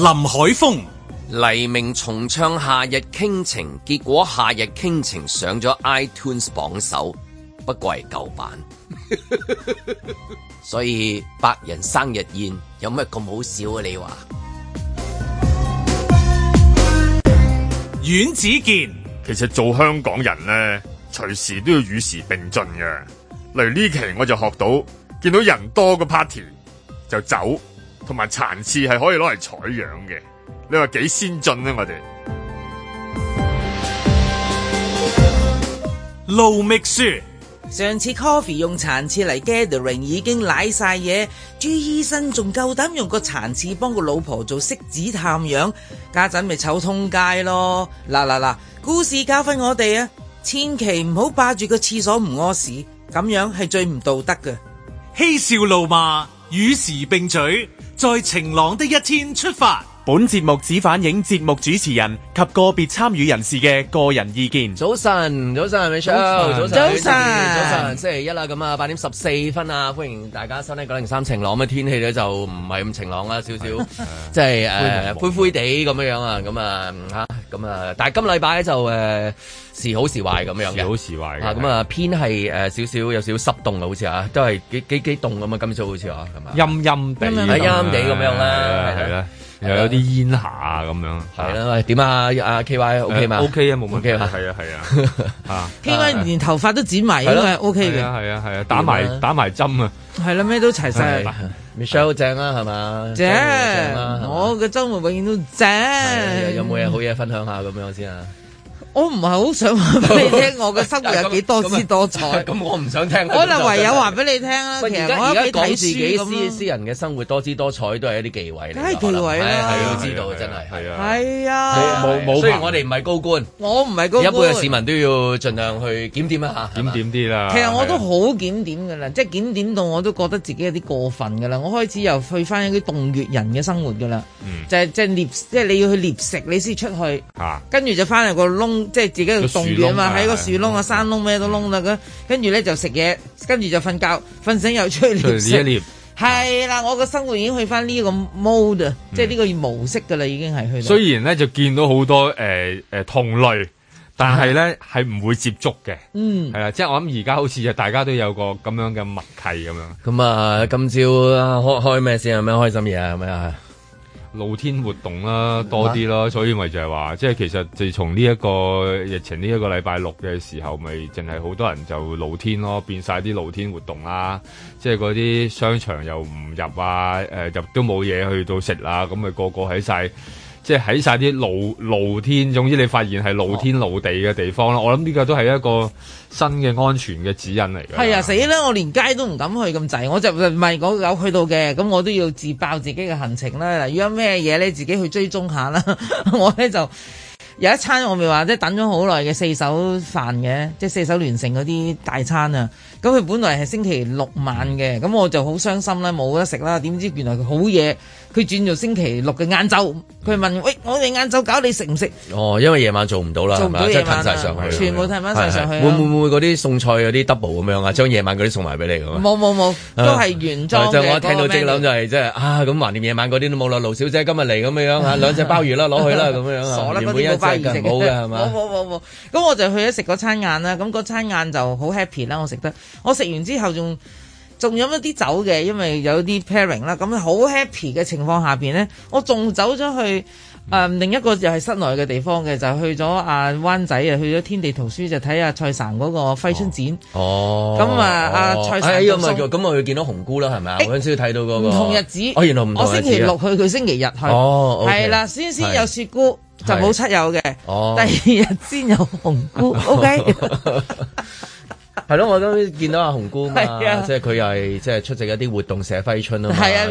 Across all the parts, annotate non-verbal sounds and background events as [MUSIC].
林海峰黎明重唱《夏日傾情》，結果《夏日傾情》上咗 iTunes 榜首，不過係舊版， [LAUGHS] 所以百人生日宴有乜咁好笑啊？你話？阮子健其實做香港人咧，隨時都要與時並進嘅。例如呢期我就學到，見到人多嘅 party 就走。同埋殘廁係可以攞嚟採樣嘅，你話幾先進咧、啊？我哋盧覓雪上次 coffee 用殘廁嚟 gathering 已經舐晒嘢，朱醫生仲夠膽用個殘廁幫個老婆做拭子探樣，家陣咪醜通街咯。嗱嗱嗱，故事教訓我哋啊，千祈唔好霸住個廁所唔屙屎，咁樣係最唔道德嘅。嬉笑怒罵與時並嘴。在晴朗的一天出發。本節目只反映節目主持人及個別參與人士嘅個人意見。早晨，早晨，美超，早晨，早晨，早晨，星期一啦，咁啊，八點十四分啊，歡迎大家身喺《九零三晴朗》。咁啊，天氣咧就唔係咁晴朗啦，少少即係誒灰灰地咁樣啊，咁啊吓，咁啊，但係今禮拜就誒時好時壞咁樣嘅，時好時壞啊，咁啊，偏係誒少少有少濕凍啊，好似啊，都係幾幾幾凍咁啊，今朝好似啊，陰陰地，陰陰地咁樣啦，係啦。啊、又有啲煙霞、嗯、啊咁樣，係啦喂，點啊阿 K Y O K 嘛？O K 啊，冇、okay 啊 okay，問題 okay, okay, yeah，啊，係啊係啊，K Y 連頭髮都剪埋，應該 O K 嘅，係、okay，啊係啊，啊，啊，啊，打埋、啊、打埋針啊，係啦、啊，咩都齊晒。Michelle 好正啦係嘛？正、啊啊啊啊，我嘅周末永遠都正、啊，有冇嘢好嘢分享下咁樣先啊？我唔係好想你， [LAUGHS] 你聽我嘅生活有幾多， [LAUGHS] 多姿多彩。咁 [LAUGHS] 我唔想聽。可 [LAUGHS] 能唯有話俾你聽啦，其實我而家睇自己私私人嘅生活多姿多彩都係一啲忌位。嚟係忌位啊，係要知道真係。係啊。係啊。冇冇。雖然我哋唔係高官。我唔係高官。一般嘅市民都要盡量去檢點一下，檢點啲啦。其實我都好檢點㗎啦，即係、就是、檢點到我都覺得自己有啲過分㗎啦。我開始又去翻啲洞穴人嘅生活㗎啦、嗯。就係即係你要去獵食，你先出去。啊、跟住就翻嚟個窿。即係自己喺度凍嘛，喺個樹窿啊、山窿咩都窿啦，咁跟住咧就食嘢，跟住就瞓覺，瞓醒又出去食。係啦，我個生活已經去翻呢個 mode，即係呢個模式噶啦，嗯，已經係去。雖然咧就見到好多誒誒、呃呃、同類，但係咧係唔會接觸嘅。嗯，係啊，即係我諗而家好似大家都有個咁樣嘅默契咁樣。咁啊，今朝開開咩先？有咩開心嘢啊？咩啊？露天活動啦多啲咯，所以咪就係話，即係其實自從呢一個疫情呢一個禮拜六嘅時候，咪淨係好多人就露天咯，變晒啲露天活動啦，即係嗰啲商場又唔入啊，呃、入、都冇嘢去到食啦，咁咪個個喺晒。即係喺晒啲露露天，總之你發現係露天露地嘅地方啦、哦。我諗呢個都係一個新嘅安全嘅指引嚟嘅。係啊，死啦！我連街都唔敢去咁滯，我就唔係有去到嘅，咁我都要自爆自己嘅行程啦。嗱，如果咩嘢咧，你自己去追蹤下啦。 [LAUGHS] 我咧就有一餐我咪話即等咗好耐嘅四手飯嘅，即係四手聯乘嗰啲大餐啊。咁佢本嚟係星期六晚嘅，咁我就好傷心啦，冇得食啦。點知原來佢好嘢，佢轉做星期六嘅晏晝。佢問：喂，我哋晏晝搞你食唔食？哦，因為夜晚做唔到啦，做唔到夜晚，全部褪晒上去。會唔會嗰啲餸菜嗰啲 double 咁樣啊？將夜晚嗰啲送埋俾你咁、嗯、啊？冇冇冇，都係原裝。就我聽到即係諗就係即係啊咁橫掂夜晚嗰啲都冇啦。盧小姐今日嚟咁樣嚇，兩隻鮑魚啦，攞去啦咁、嗯、樣嚇，唔、啊、會一齊食嘅。冇冇冇冇冇。咁、啊、我就去咗食嗰餐宴啦，咁嗰餐宴就好 happy 啦，我食得。我食完之後仲仲飲咗啲酒嘅，因為有啲 pairing 啦，咁好 happy 嘅情況下面咧，我仲走咗去誒、呃、另一個又係室內嘅地方嘅，就是、去咗啊灣仔啊，去咗天地圖書就睇下、啊、蔡生嗰個揮春展。哦，咁、哦、啊阿、哦啊、蔡生，哎呀咁、哎哎哎哎哎、我見到紅姑啦，係咪？啱先睇到嗰、那個同日子，我、哦、原來唔同日、啊、我星期六去，佢星期日去，哦，係、okay，啦，先先有雪姑，就冇七友嘅、哦，第二日先有紅姑 [LAUGHS] ，OK。 [LAUGHS] 係 [LAUGHS] 咯，我都見到阿紅姑係、啊、即係佢係即係出席一啲活動寫揮春啊嘛，即係、啊、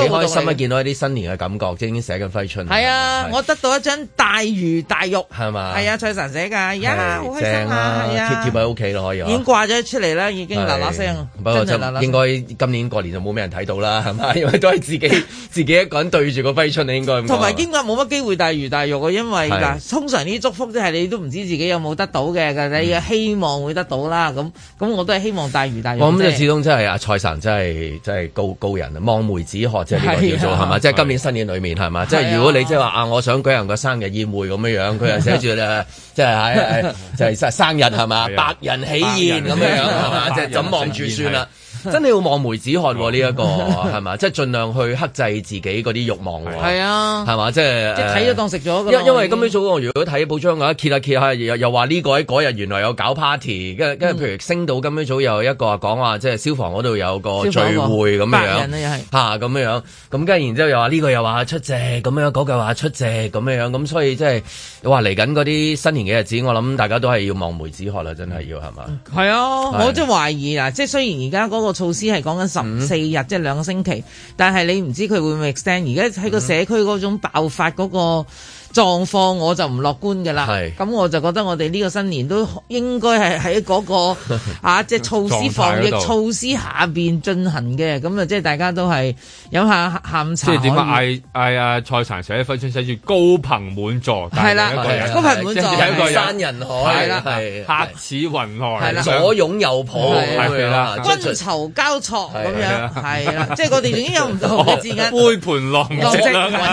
幾開心啊！見到一啲新年嘅感覺，即係已經寫緊揮春。係啊，啊，啊，我得到一張大魚大肉係嘛？係啊，蔡神寫㗎，而家好開心啊！係貼喺屋企咯，可以、啊。已經掛咗出嚟啦，已經嗱嗱聲、啊。不過應該今年過年就冇咩人睇到啦，係嘛？因為都係自己 [LAUGHS] 自己一個人對住個揮春啊，你應該。同埋兼夾冇乜機會大魚大肉啊，因為通常啲祝福即係你都唔知自己有冇得到嘅，但係希望會得到啦。咁咁我都係希望大魚大肉。我、嗯、諗就是、始終真係阿蔡神真係真係高高人啊！望梅止渴呢個叫做係嘛？即係、啊就是、今年新年裏面係嘛？即係、啊就是、如果你即係話啊，我想舉行個生日宴會咁樣樣佢又寫住咧，即係喺就係、是、生日係嘛？百、啊、人喜宴咁、啊啊、樣係嘛？即係咁望住算啦？真係要望梅止渴喎！呢 [LAUGHS] 一、呢個係嘛，即係盡量去克制自己嗰啲慾望喎。係 [LAUGHS] 啊，係嘛，即係。睇、就、咗、是、當食咗。因因為今朝早嗰、嗰個，如果睇報章嘅話，揭下揭下，又又話呢個喺嗰日原來有搞 party，跟、嗯、跟譬如星島今朝早又一個講話，即係消防嗰度有個聚會咁樣。白咁樣、啊、樣，咁跟住然之後，後又話呢個又話出席，咁樣嗰句話出席，咁樣樣咁，所以即係你話嚟緊嗰啲新年嘅日子，我諗大家都係要望梅止渴啦，真係要係嘛。係啊，我真係懷疑啊。即係雖然而家嗰個。措施係講緊十四日，即係兩個星期，但係你唔知佢會唔會 extend。而家喺個社區嗰種爆發嗰個。狀況我就唔樂觀㗎啦，咁我就覺得我哋呢個新年都應該係喺嗰個啊，即係措施防疫措施下邊進行嘅，咁啊即係大家都係飲下下午茶。即係點啊？嗌嗌阿，阿蔡瀾寫一分春寫住高朋滿座，係啦，高朋滿座，人山人海，係啦，客似雲來，左擁右抱，係啦，觥籌交錯，咁樣係、啊、啦，即係 [LAUGHS] 是 [LAUGHS] [LAUGHS] 我哋已經有唔同嘅字眼。杯盤狼藉或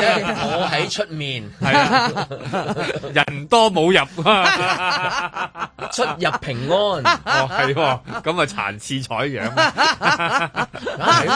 者我喺出面，係。 [LAUGHS] [LAUGHS] 人多冇無入、啊， [LAUGHS] 出入平安。 [LAUGHS] 哦，係、哦，咁 [LAUGHS] 啊，殘次採樣。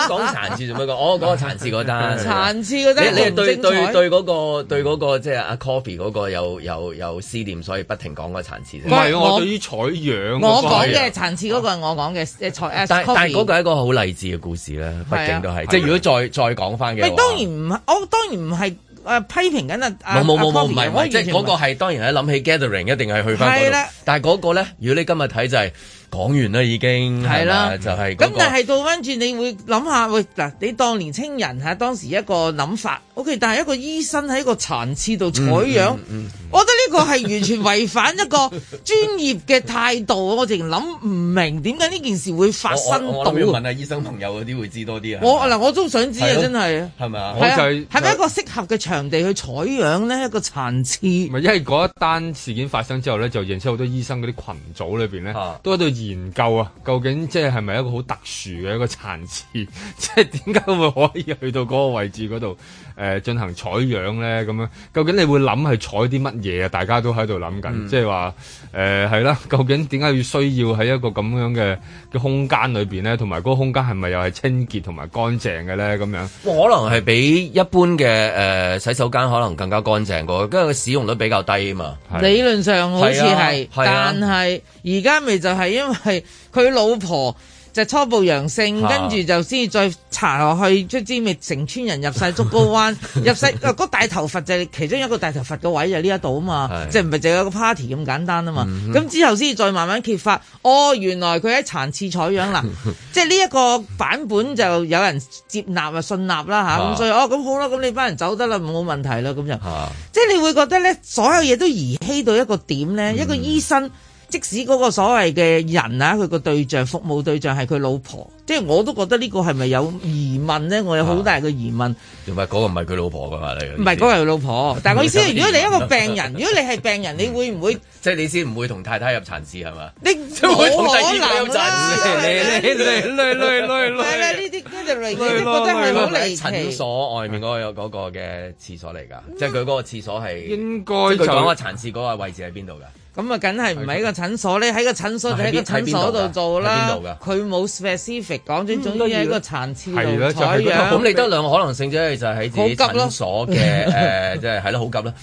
講殘次做咩講？我講個殘次嗰單，殘次嗰單。你彩你係對對對嗰、個對嗰、個即係阿 Coffee 嗰個有有有,有思念，所以不停講嗰個殘次。唔係我對於採樣，我講嘅殘次嗰個係我講嘅采。但係嗰個係一個好勵志嘅故事啦，畢、啊、竟都係、啊。即係、啊、如果再再講翻嘅當然唔，我當然唔係。誒、啊、批評緊啊！冇冇冇冇，唔、啊、係即係嗰個係當然係諗起 gathering 一定係去翻嗰個，但係嗰個咧，如果你今日睇就係、是、講完啦已經，係啦、嗯、就係、是、咁、那個、但係到翻住，你會諗下，喂嗱，你當年青人喺當時一個諗法，OK，但係一個醫生喺個殘廁度採樣。嗯嗯嗯。我覺得呢個係完全違反一個專業嘅態度，我淨係諗唔明點解呢件事會發生到。我會問下醫生朋友，啲會知多啲啊？我嗱，我都想知啊，真係。係咪啊？係咪、就係、一個適合嘅場地去採樣呢一個殘次。唔係，因為嗰一單事件發生之後咧，就認識好多醫生嗰啲群組裏面咧，都喺度研究啊，究竟即係係咪一個好特殊嘅一個殘次？即係點解會可以去到嗰個位置嗰度？誒進行採樣咧，咁樣究竟你會諗係採啲乜嘢啊？大家都喺度諗緊，即係話誒係啦。究竟點解要需要喺一個咁樣嘅嘅空間裏面咧？同埋嗰個空間係咪又係清潔同埋乾淨嘅咧？咁樣，可能係比一般嘅誒、呃、洗手間可能更加乾淨過，因為佢使用率比較低嘛啊嘛、啊啊。理論上好似係、啊啊，但係而家咪就係因為佢老婆。就初步陽性，跟住就先至再查落去，出之未成村人入晒竹篙灣， [LAUGHS] 入晒、個大頭佛就係、係、其中一個大頭佛嘅位就呢一度啊嘛，即係唔係淨係個 party 咁簡單啊嘛，咁、嗯、之後先至再慢慢揭發，哦原來佢喺殘次採樣嗱，啊、 [LAUGHS] 即係呢一個版本就有人接納啊信納啦吓。咁、啊啊、所以哦咁好啦，咁你班人走得啦冇問題啦咁就，啊、即係你會覺得咧所有嘢都兒戲到一個點咧、嗯，一個醫生。即使嗰個所謂嘅人啊，佢個對象服務對象係佢老婆，即係我都覺得呢個係咪有疑問咧？我有好大嘅疑問。唔係嗰個唔係佢老婆㗎嘛？你唔係嗰個係佢老婆，但係我意思，如果你一個病人， [LAUGHS] 如果你係病人，你會唔會？ [LAUGHS] 即係你先唔會同太太入殘廁係嘛？你冇可能，你你你你你你你，你，你，你，你，你。你覺得係嚟診所外面嗰、那個有嗰、那個嘅廁所嚟㗎、嗯？即係佢嗰個廁所係應該就喺個殘廁嗰個位置喺邊度㗎？咁啊，梗係唔喺個診所咧，喺個診所就喺個診所度做啦。佢冇 specific 講清楚，要喺個殘廁度。係、嗯、啦，係咁。咁你得兩個可能性啫，就係喺自己診所嘅誒，即係好急啦。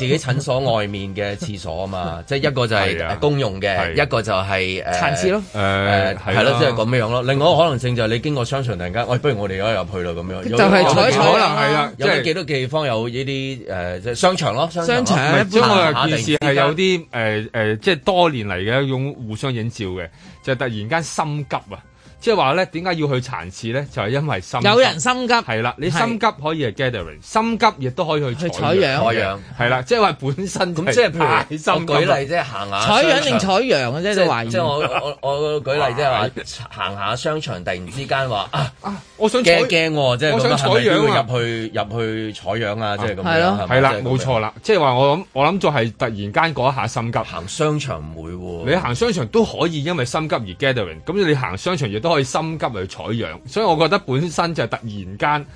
[LAUGHS] 自己診所外面嘅廁所啊嘛，即係一個就係公用嘅、啊啊，一個就係誒殘次廁咯，誒係咯，即係咁樣樣咯。另外一個可能性就係你經過商場突然間，喂、哎，不如我哋而家入去啦咁樣，就係、是就是啊、可能係啦，即係、啊就是、幾多地方有呢啲誒即係商場咯，商場。即係我話，係有啲誒誒，即係多年嚟嘅一種互相引照嘅，就係、是、突然間心急啊！即係話咧，點解要去殘廁咧？就係、是、因為心急有人心急係啦，你心急可以係 gathering，心急亦都可以去採採樣，係啦、就是就是就是，即係話本身咁即係譬如，我舉例即係行下採樣定採樣嘅即係即係我我舉例即係話行下商場，突然之間話啊啊，我想驚喎、喔，即係我想採樣入去入去採樣啊！即係咁樣係咯，係啦，冇錯啦，即係話我諗我諗就係突然間嗰一下心急行商場唔會、喔，你行商場都可以因為心急而 gathering，咁你行商場亦都。開心急嚟採樣，所以我覺得本身就係突然間，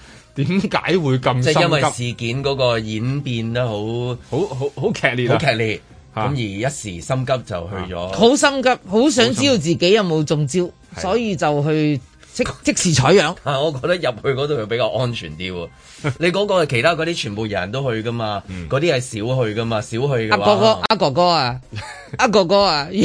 點解會咁急？即係因為事件嗰個演變都好好好好劇烈，啊，好劇烈咁，而一時心急就去咗，好，啊，心急，好想知道自己有冇中招，所以就去。即即時採樣 [LAUGHS] 但係我覺得入去嗰度又比較安全啲喎。你嗰個係其他嗰啲全部人都去㗎嘛？嗰啲係少去㗎嘛？少去㗎。阿哥哥，阿哥哥啊，阿 [LAUGHS] 哥哥啊，哥哥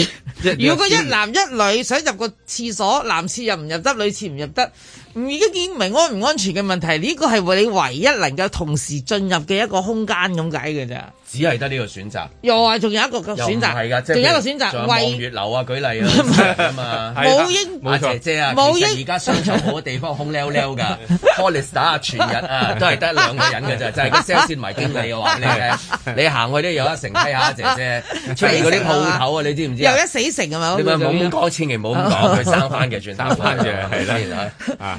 啊 [LAUGHS] 如果一男一女想入個廁所， [LAUGHS] 男廁入唔入得，女廁唔入得？而家見唔明安唔安全嘅問題，呢個係你唯一能夠同時進入嘅一個空間咁解嘅啫，只係得呢個選擇。又係，仲有一個選擇係噶，仲有一個選擇，仲有望月樓啊，舉例啊嘛，冇 [LAUGHS] 應啊，姐姐啊，冇應，而家商場好多地方空溜溜噶，police 打下全日啊，都係得兩個人嘅啫，就係個 sales 唔係經理嘅話咧，你行去都有一成低下，一嘿嘿姐姐，出嗰啲鋪頭啊，你知唔知？又一死城啊嘛，樣，你唔冇咁講，千祈唔好咁講，佢生翻，嘅，轉生翻嘅，係啦，啊。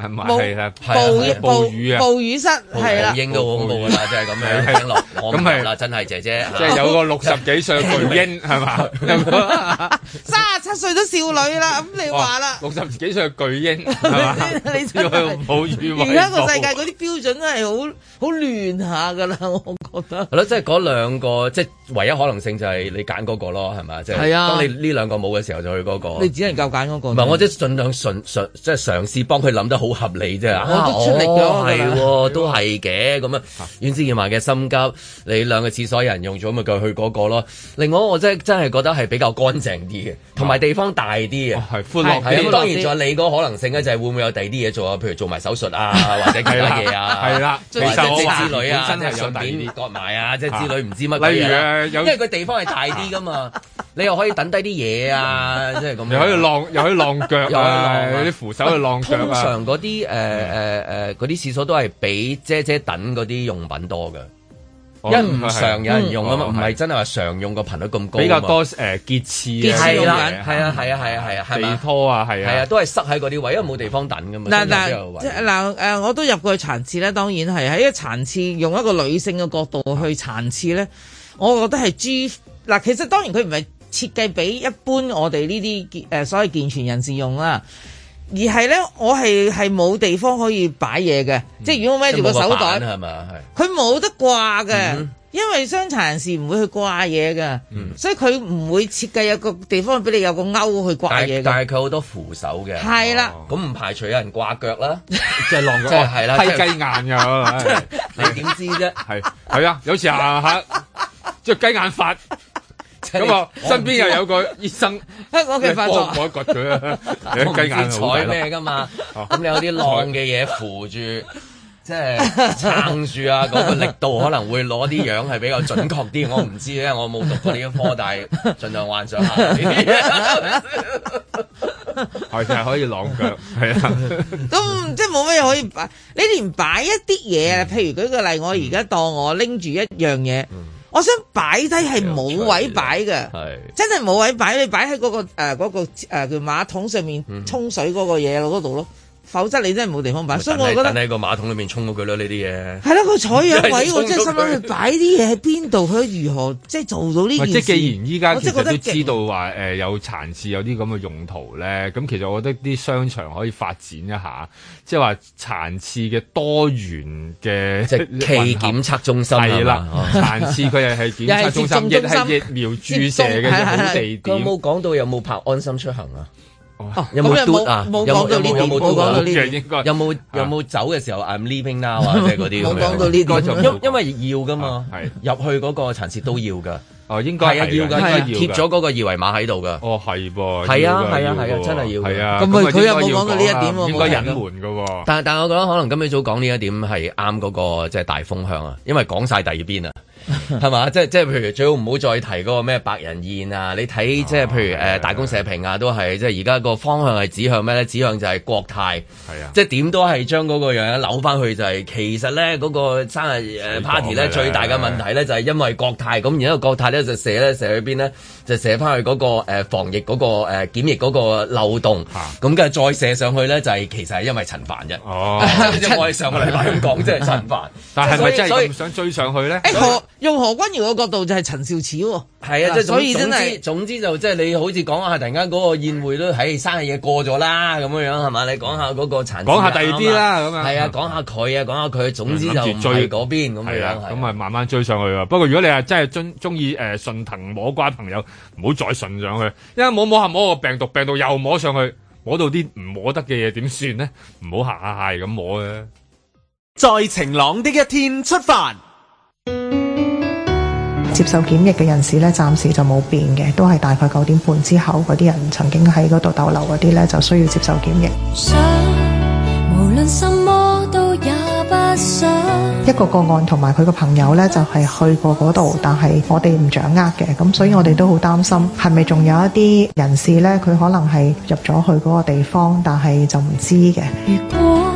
係咪？係啦，暴雨啊，暴雨室，係啦，巨嬰都好恐怖噶啦，即係咁樣，聽落咁係啦， [LAUGHS] 真係姐姐，即、嗯、係、就是、有個六十幾歲巨嬰係嘛，三十七歲都少女啦，咁、嗯嗯、你話啦、哦，六十幾歲巨嬰係嘛，你做下暴雨而家個世界嗰啲標準都係好好亂下噶啦，我覺得係咯，即係嗰兩個，即、就、係、是、唯一可能性就係你揀嗰個咯，係咪？即係當你呢兩個冇嘅時候，就去嗰個，你只能夠揀嗰個，唔係，我即係盡量嘗嘗，即係嘗試幫佢諗得好。不合理啫、啊哦，都出力嘅，係、哦、喎，都係嘅。咁啊，袁志賢話嘅心急，你兩個廁所有人用咗，咪就去嗰個，個咯。另外，我真真係覺得係比較乾淨啲嘅，同埋地方大啲嘅，係歡樂咁當然，仲有你嗰可能性咧，就係會唔會有第二啲嘢做啊？譬、嗯、如做埋手術啊，或者其他嘢啊，係啦，或者政治女啊，真係有第二割埋啊，即係、啊啊、之類、啊，唔知乜。例如啊，有，因為個地方係大啲噶嘛、啊，你又可以等低啲嘢啊，即係咁。又可以晾，又可以晾腳啲扶手去晾腳啲誒誒誒嗰啲廁所都係俾姐姐等嗰啲用品多嘅、哦，因為唔常有人用啊嘛，唔、嗯、係、哦、真係話常用個頻率咁高，比較多誒潔廁。潔廁用品係啊係啊係啊係啊，地、嗯啊啊啊、拖啊係啊，啊，都係塞喺啲位，因為冇地方等㗎嘛。嗱、嗯、嗱、呃呃呃，我都入過去殘廁咧，當然係喺一個殘廁，用一個女性嘅角度去殘廁咧，我覺得係注嗱，其實當然佢唔係設計俾一般我哋呢啲誒所謂健全人士用啦。而係咧，我係係冇地方可以擺嘢嘅、嗯，即係如果我孭住個手袋，係嘛，係佢冇得掛嘅、嗯，因為傷殘人士唔會去掛嘢嘅、嗯，所以佢唔會設計有個地方俾你有個勾去掛嘢。但係佢好多扶手嘅，係啦，咁、哦、唔排除有人掛腳啦，即係晾咗，即係啦，係雞眼嘅， [LAUGHS] 是的 [LAUGHS] 是的 [LAUGHS] 你點知啫？係係啊，有時啊下，即係雞眼發。咁啊，我身邊又有個醫生。 [LAUGHS] okay, 發 [LAUGHS] 我嘅翻，我割腳啦，雞眼睬咩噶嘛？咁 [LAUGHS] 你有啲浪嘅嘢扶住，即、就、係、是、撐住啊！嗰個力度 [LAUGHS] 可能會攞啲樣係比較準確啲。我唔知咧，我冇讀過呢一科， [LAUGHS] 但係盡量幻想下。係就係可以浪腳，係啊， [LAUGHS] 咁即係冇咩可以擺。你連擺一啲嘢啊？譬如舉個例，我而家當我拎住一樣嘢。嗯嗯我想擺低係冇位擺嘅，係真係冇位擺，你擺喺嗰個誒嗰個誒叫馬桶上面沖水嗰個嘢嗰度咯。否則你真係冇地方擺，所以我覺得喺個馬桶裏面沖咗佢咯呢啲嘢。係啦，那個採樣位我即係心諗擺擺啲嘢喺邊度，佢如何即係做到呢？即係既然依家其實都知道話誒，呃、有殘廁有啲咁嘅用途咧，咁其實我覺得啲商場可以發展一下，即係話殘廁嘅多元嘅即係期檢測中心係啦，殘廁佢又係檢測中心亦係 [LAUGHS] 疫苗注射嘅，就是，好地點。是是是有冇講到有冇拍安心出行啊？有冇 d 啊？冇講到呢點，冇講到呢，有冇有冇，啊啊、走嘅時候 [LAUGHS] ？I'm leaving now 啊，即係嗰啲有冇講到呢個，因因為要噶嘛，係、啊、入去嗰個層次都要噶。哦，應該係啊，要噶，要貼咗嗰個二維碼喺度噶。哦，係噃，係啊，係啊，係啊，真係要啊，咁佢佢有冇講到呢一點？啊，應該隱瞞噶。但但我覺得可能今朝早講呢一點係啱嗰個即係、就是、大風向啊，因為講晒第二邊啊。係 [LAUGHS] 嘛？即係即係，譬如最好唔好再提嗰個咩白人宴啊！你睇即係譬如誒、啊呃、大公社評啊，都係即係而家個方向係指向咩咧？指向就係國泰，是即係點都係將嗰個樣扭翻去就係、是。其實咧嗰、那個生日誒 party 咧最大嘅問題咧就係、是、因為國泰咁，而家國泰咧就寫咧寫去邊咧？就射翻去嗰個防疫嗰個誒檢疫嗰個漏洞，咁跟住再射上去咧，就係、是、其實係因為陳凡嘅。哦，即 [LAUGHS] 係我哋上個禮拜咁講，即、啊、係陳凡。但係咪真係想追上去咧、欸？何用何君瑤嘅角度就係陳肇始喎、哦。係啊，即係、啊、所以真係總，總，總之就即、是、係你好似講下突然間嗰個宴會都，喺、哎、生日嘢過咗啦咁樣樣係嘛？你講下嗰個陳，講下第二啲啦咁啊。係啊，講下佢啊，講下佢。總之就、嗯、追嗰邊咁樣，咁啊慢慢追上去啊。不過、啊、如果你係真係中中意誒順藤摸瓜朋友。唔好再順上去，一摸摸下摸個病毒，病毒又摸上去，摸到啲唔摸得嘅嘢點算呢？唔好行下咁摸啊。在晴朗的一天出發，接受檢疫嘅人士咧，暫時就冇變嘅，都係大概九點半之後嗰啲人曾經喺嗰度逗留嗰啲咧，就需要接受檢疫。個個案同埋佢個朋友呢，就係、是、去過嗰度，但係我哋唔掌握嘅，咁所以我哋都好擔心，係咪仲有一啲人士呢？佢可能係入咗去嗰個地方，但係就唔知嘅。如果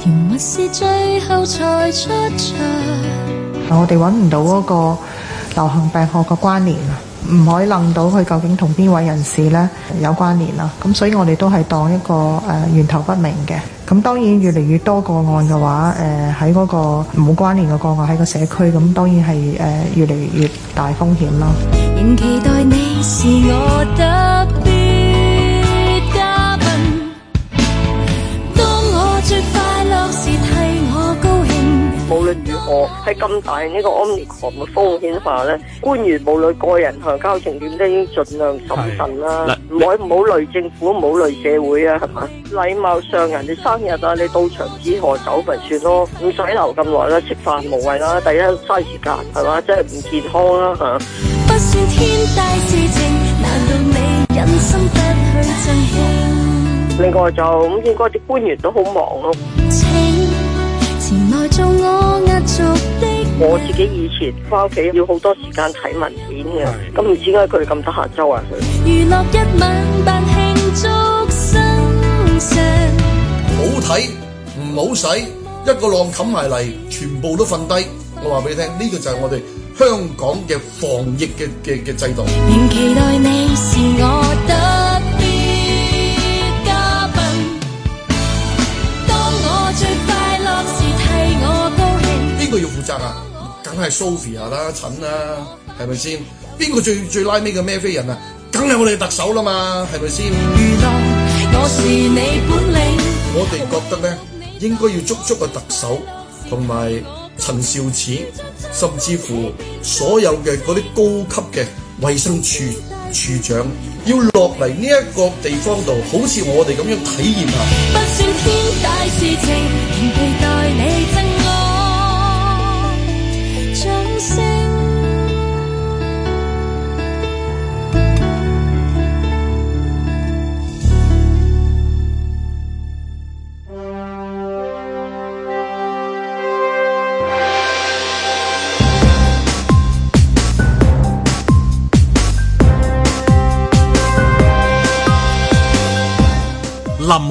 甜蜜是最後才出場，我哋揾唔到嗰個流行病學嘅關聯啊，唔可以楞到佢究竟同邊位人士呢有關聯啊，咁所以我哋都係當一個誒、呃、源頭不明嘅。咁當然越嚟越多個案嘅話，誒喺、呃、嗰個冇關聯嘅個案，喺個社區，咁當然係誒、呃、越嚟越大風險咯，仍期待你是我的。喺、哦、咁大、這個、的呢個 Omicron 嘅風險下咧，官員無論個人同交情點，都應盡量審慎啦。唔好唔好累政府，唔好累社會啊，係嘛？禮貌上人哋生日啊，你到場之後走咪算咯，唔使留咁耐啦，食飯無謂啦，第一嘥時間係嘛，即係唔健康啊吓。另外就咁先，嗰啲官員都好忙咯。請我自己以前翻屋企要好多時間睇文件嘅，咁唔知點解佢哋咁得閒做啊？娛樂一晚，辦慶祝生辰。好睇唔好使，一個浪冚埋嚟，全部都瞓低。我話俾你聽，呢個就係我哋香港嘅防疫嘅嘅嘅制度。仍期待你是我。梗係 Sophia 啦，陳啦，係咪先？邊個最最拉尾嘅咩飛人啊？梗係我哋特首啦嘛，係咪先？我哋覺得咧，應該要捉足個特首同埋陳肇始，甚至乎所有嘅嗰啲高級嘅衞生署署長，要落嚟呢一個地方度，好似我哋咁樣體驗下。不算天大事情天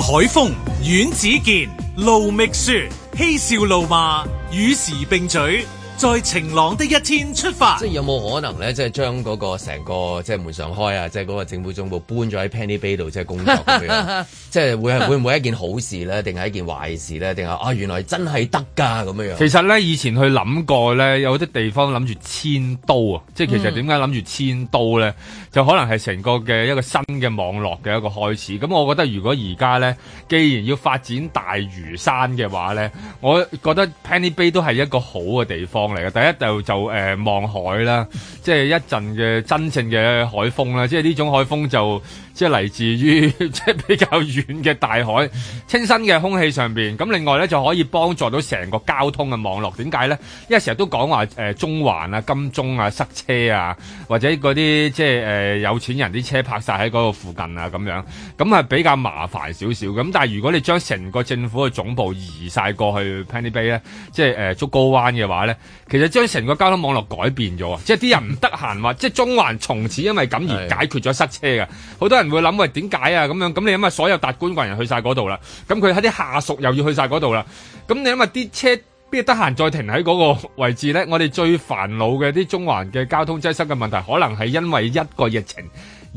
海風、阮子健、路覓雪，嬉笑怒罵，與時並舉。在晴朗的一天出發，即係有冇可能咧？即係將個成個即係門常開啊！即係個政府總部搬咗喺 Penny Bay 度，即係工作嘅， [LAUGHS] 即會係會唔會一件好事咧？定係一件壞事咧？定係啊，原來真係得㗎咁樣樣。其實咧，以前去諗過咧，有啲地方諗住遷都啊！即係其實點解諗住遷都咧？嗯。就可能係成個嘅一個新嘅網絡嘅一個開始。咁我覺得，如果而家咧，既然要發展大嶼山嘅話咧，我覺得 Penny Bay 都係一個好嘅地方。嚟嘅，第一就就誒望海啦，即係一陣嘅真正嘅海風啦，即係呢種海風就。即係嚟自於即係比較遠嘅大海，清新嘅空氣上邊。咁另外咧，就可以幫助到成個交通嘅網絡，點解咧？因為成日都講話誒中環啊、金鐘啊塞車啊，或者嗰啲即係誒、呃、有錢人啲車泊晒喺嗰個附近啊咁樣咁係比較麻煩少少。咁但係如果你將成個政府嘅總部移晒過去 Penny Bay 咧，即係誒竹篙灣嘅話咧，其實將成個交通網絡改變咗啊！ [LAUGHS] 即係啲人唔得閒話，即係中環從此因為咁而解決咗塞車嘅，好多人。會諗喂，點解啊？咁樣，咁你諗下所有達官貴人去晒嗰度啦，咁佢喺啲下屬又要去晒嗰度啦，咁你諗下啲車邊得閒再停喺嗰個位置咧？我哋最煩惱嘅啲中環嘅交通擠塞嘅問題，可能係因為一個疫情。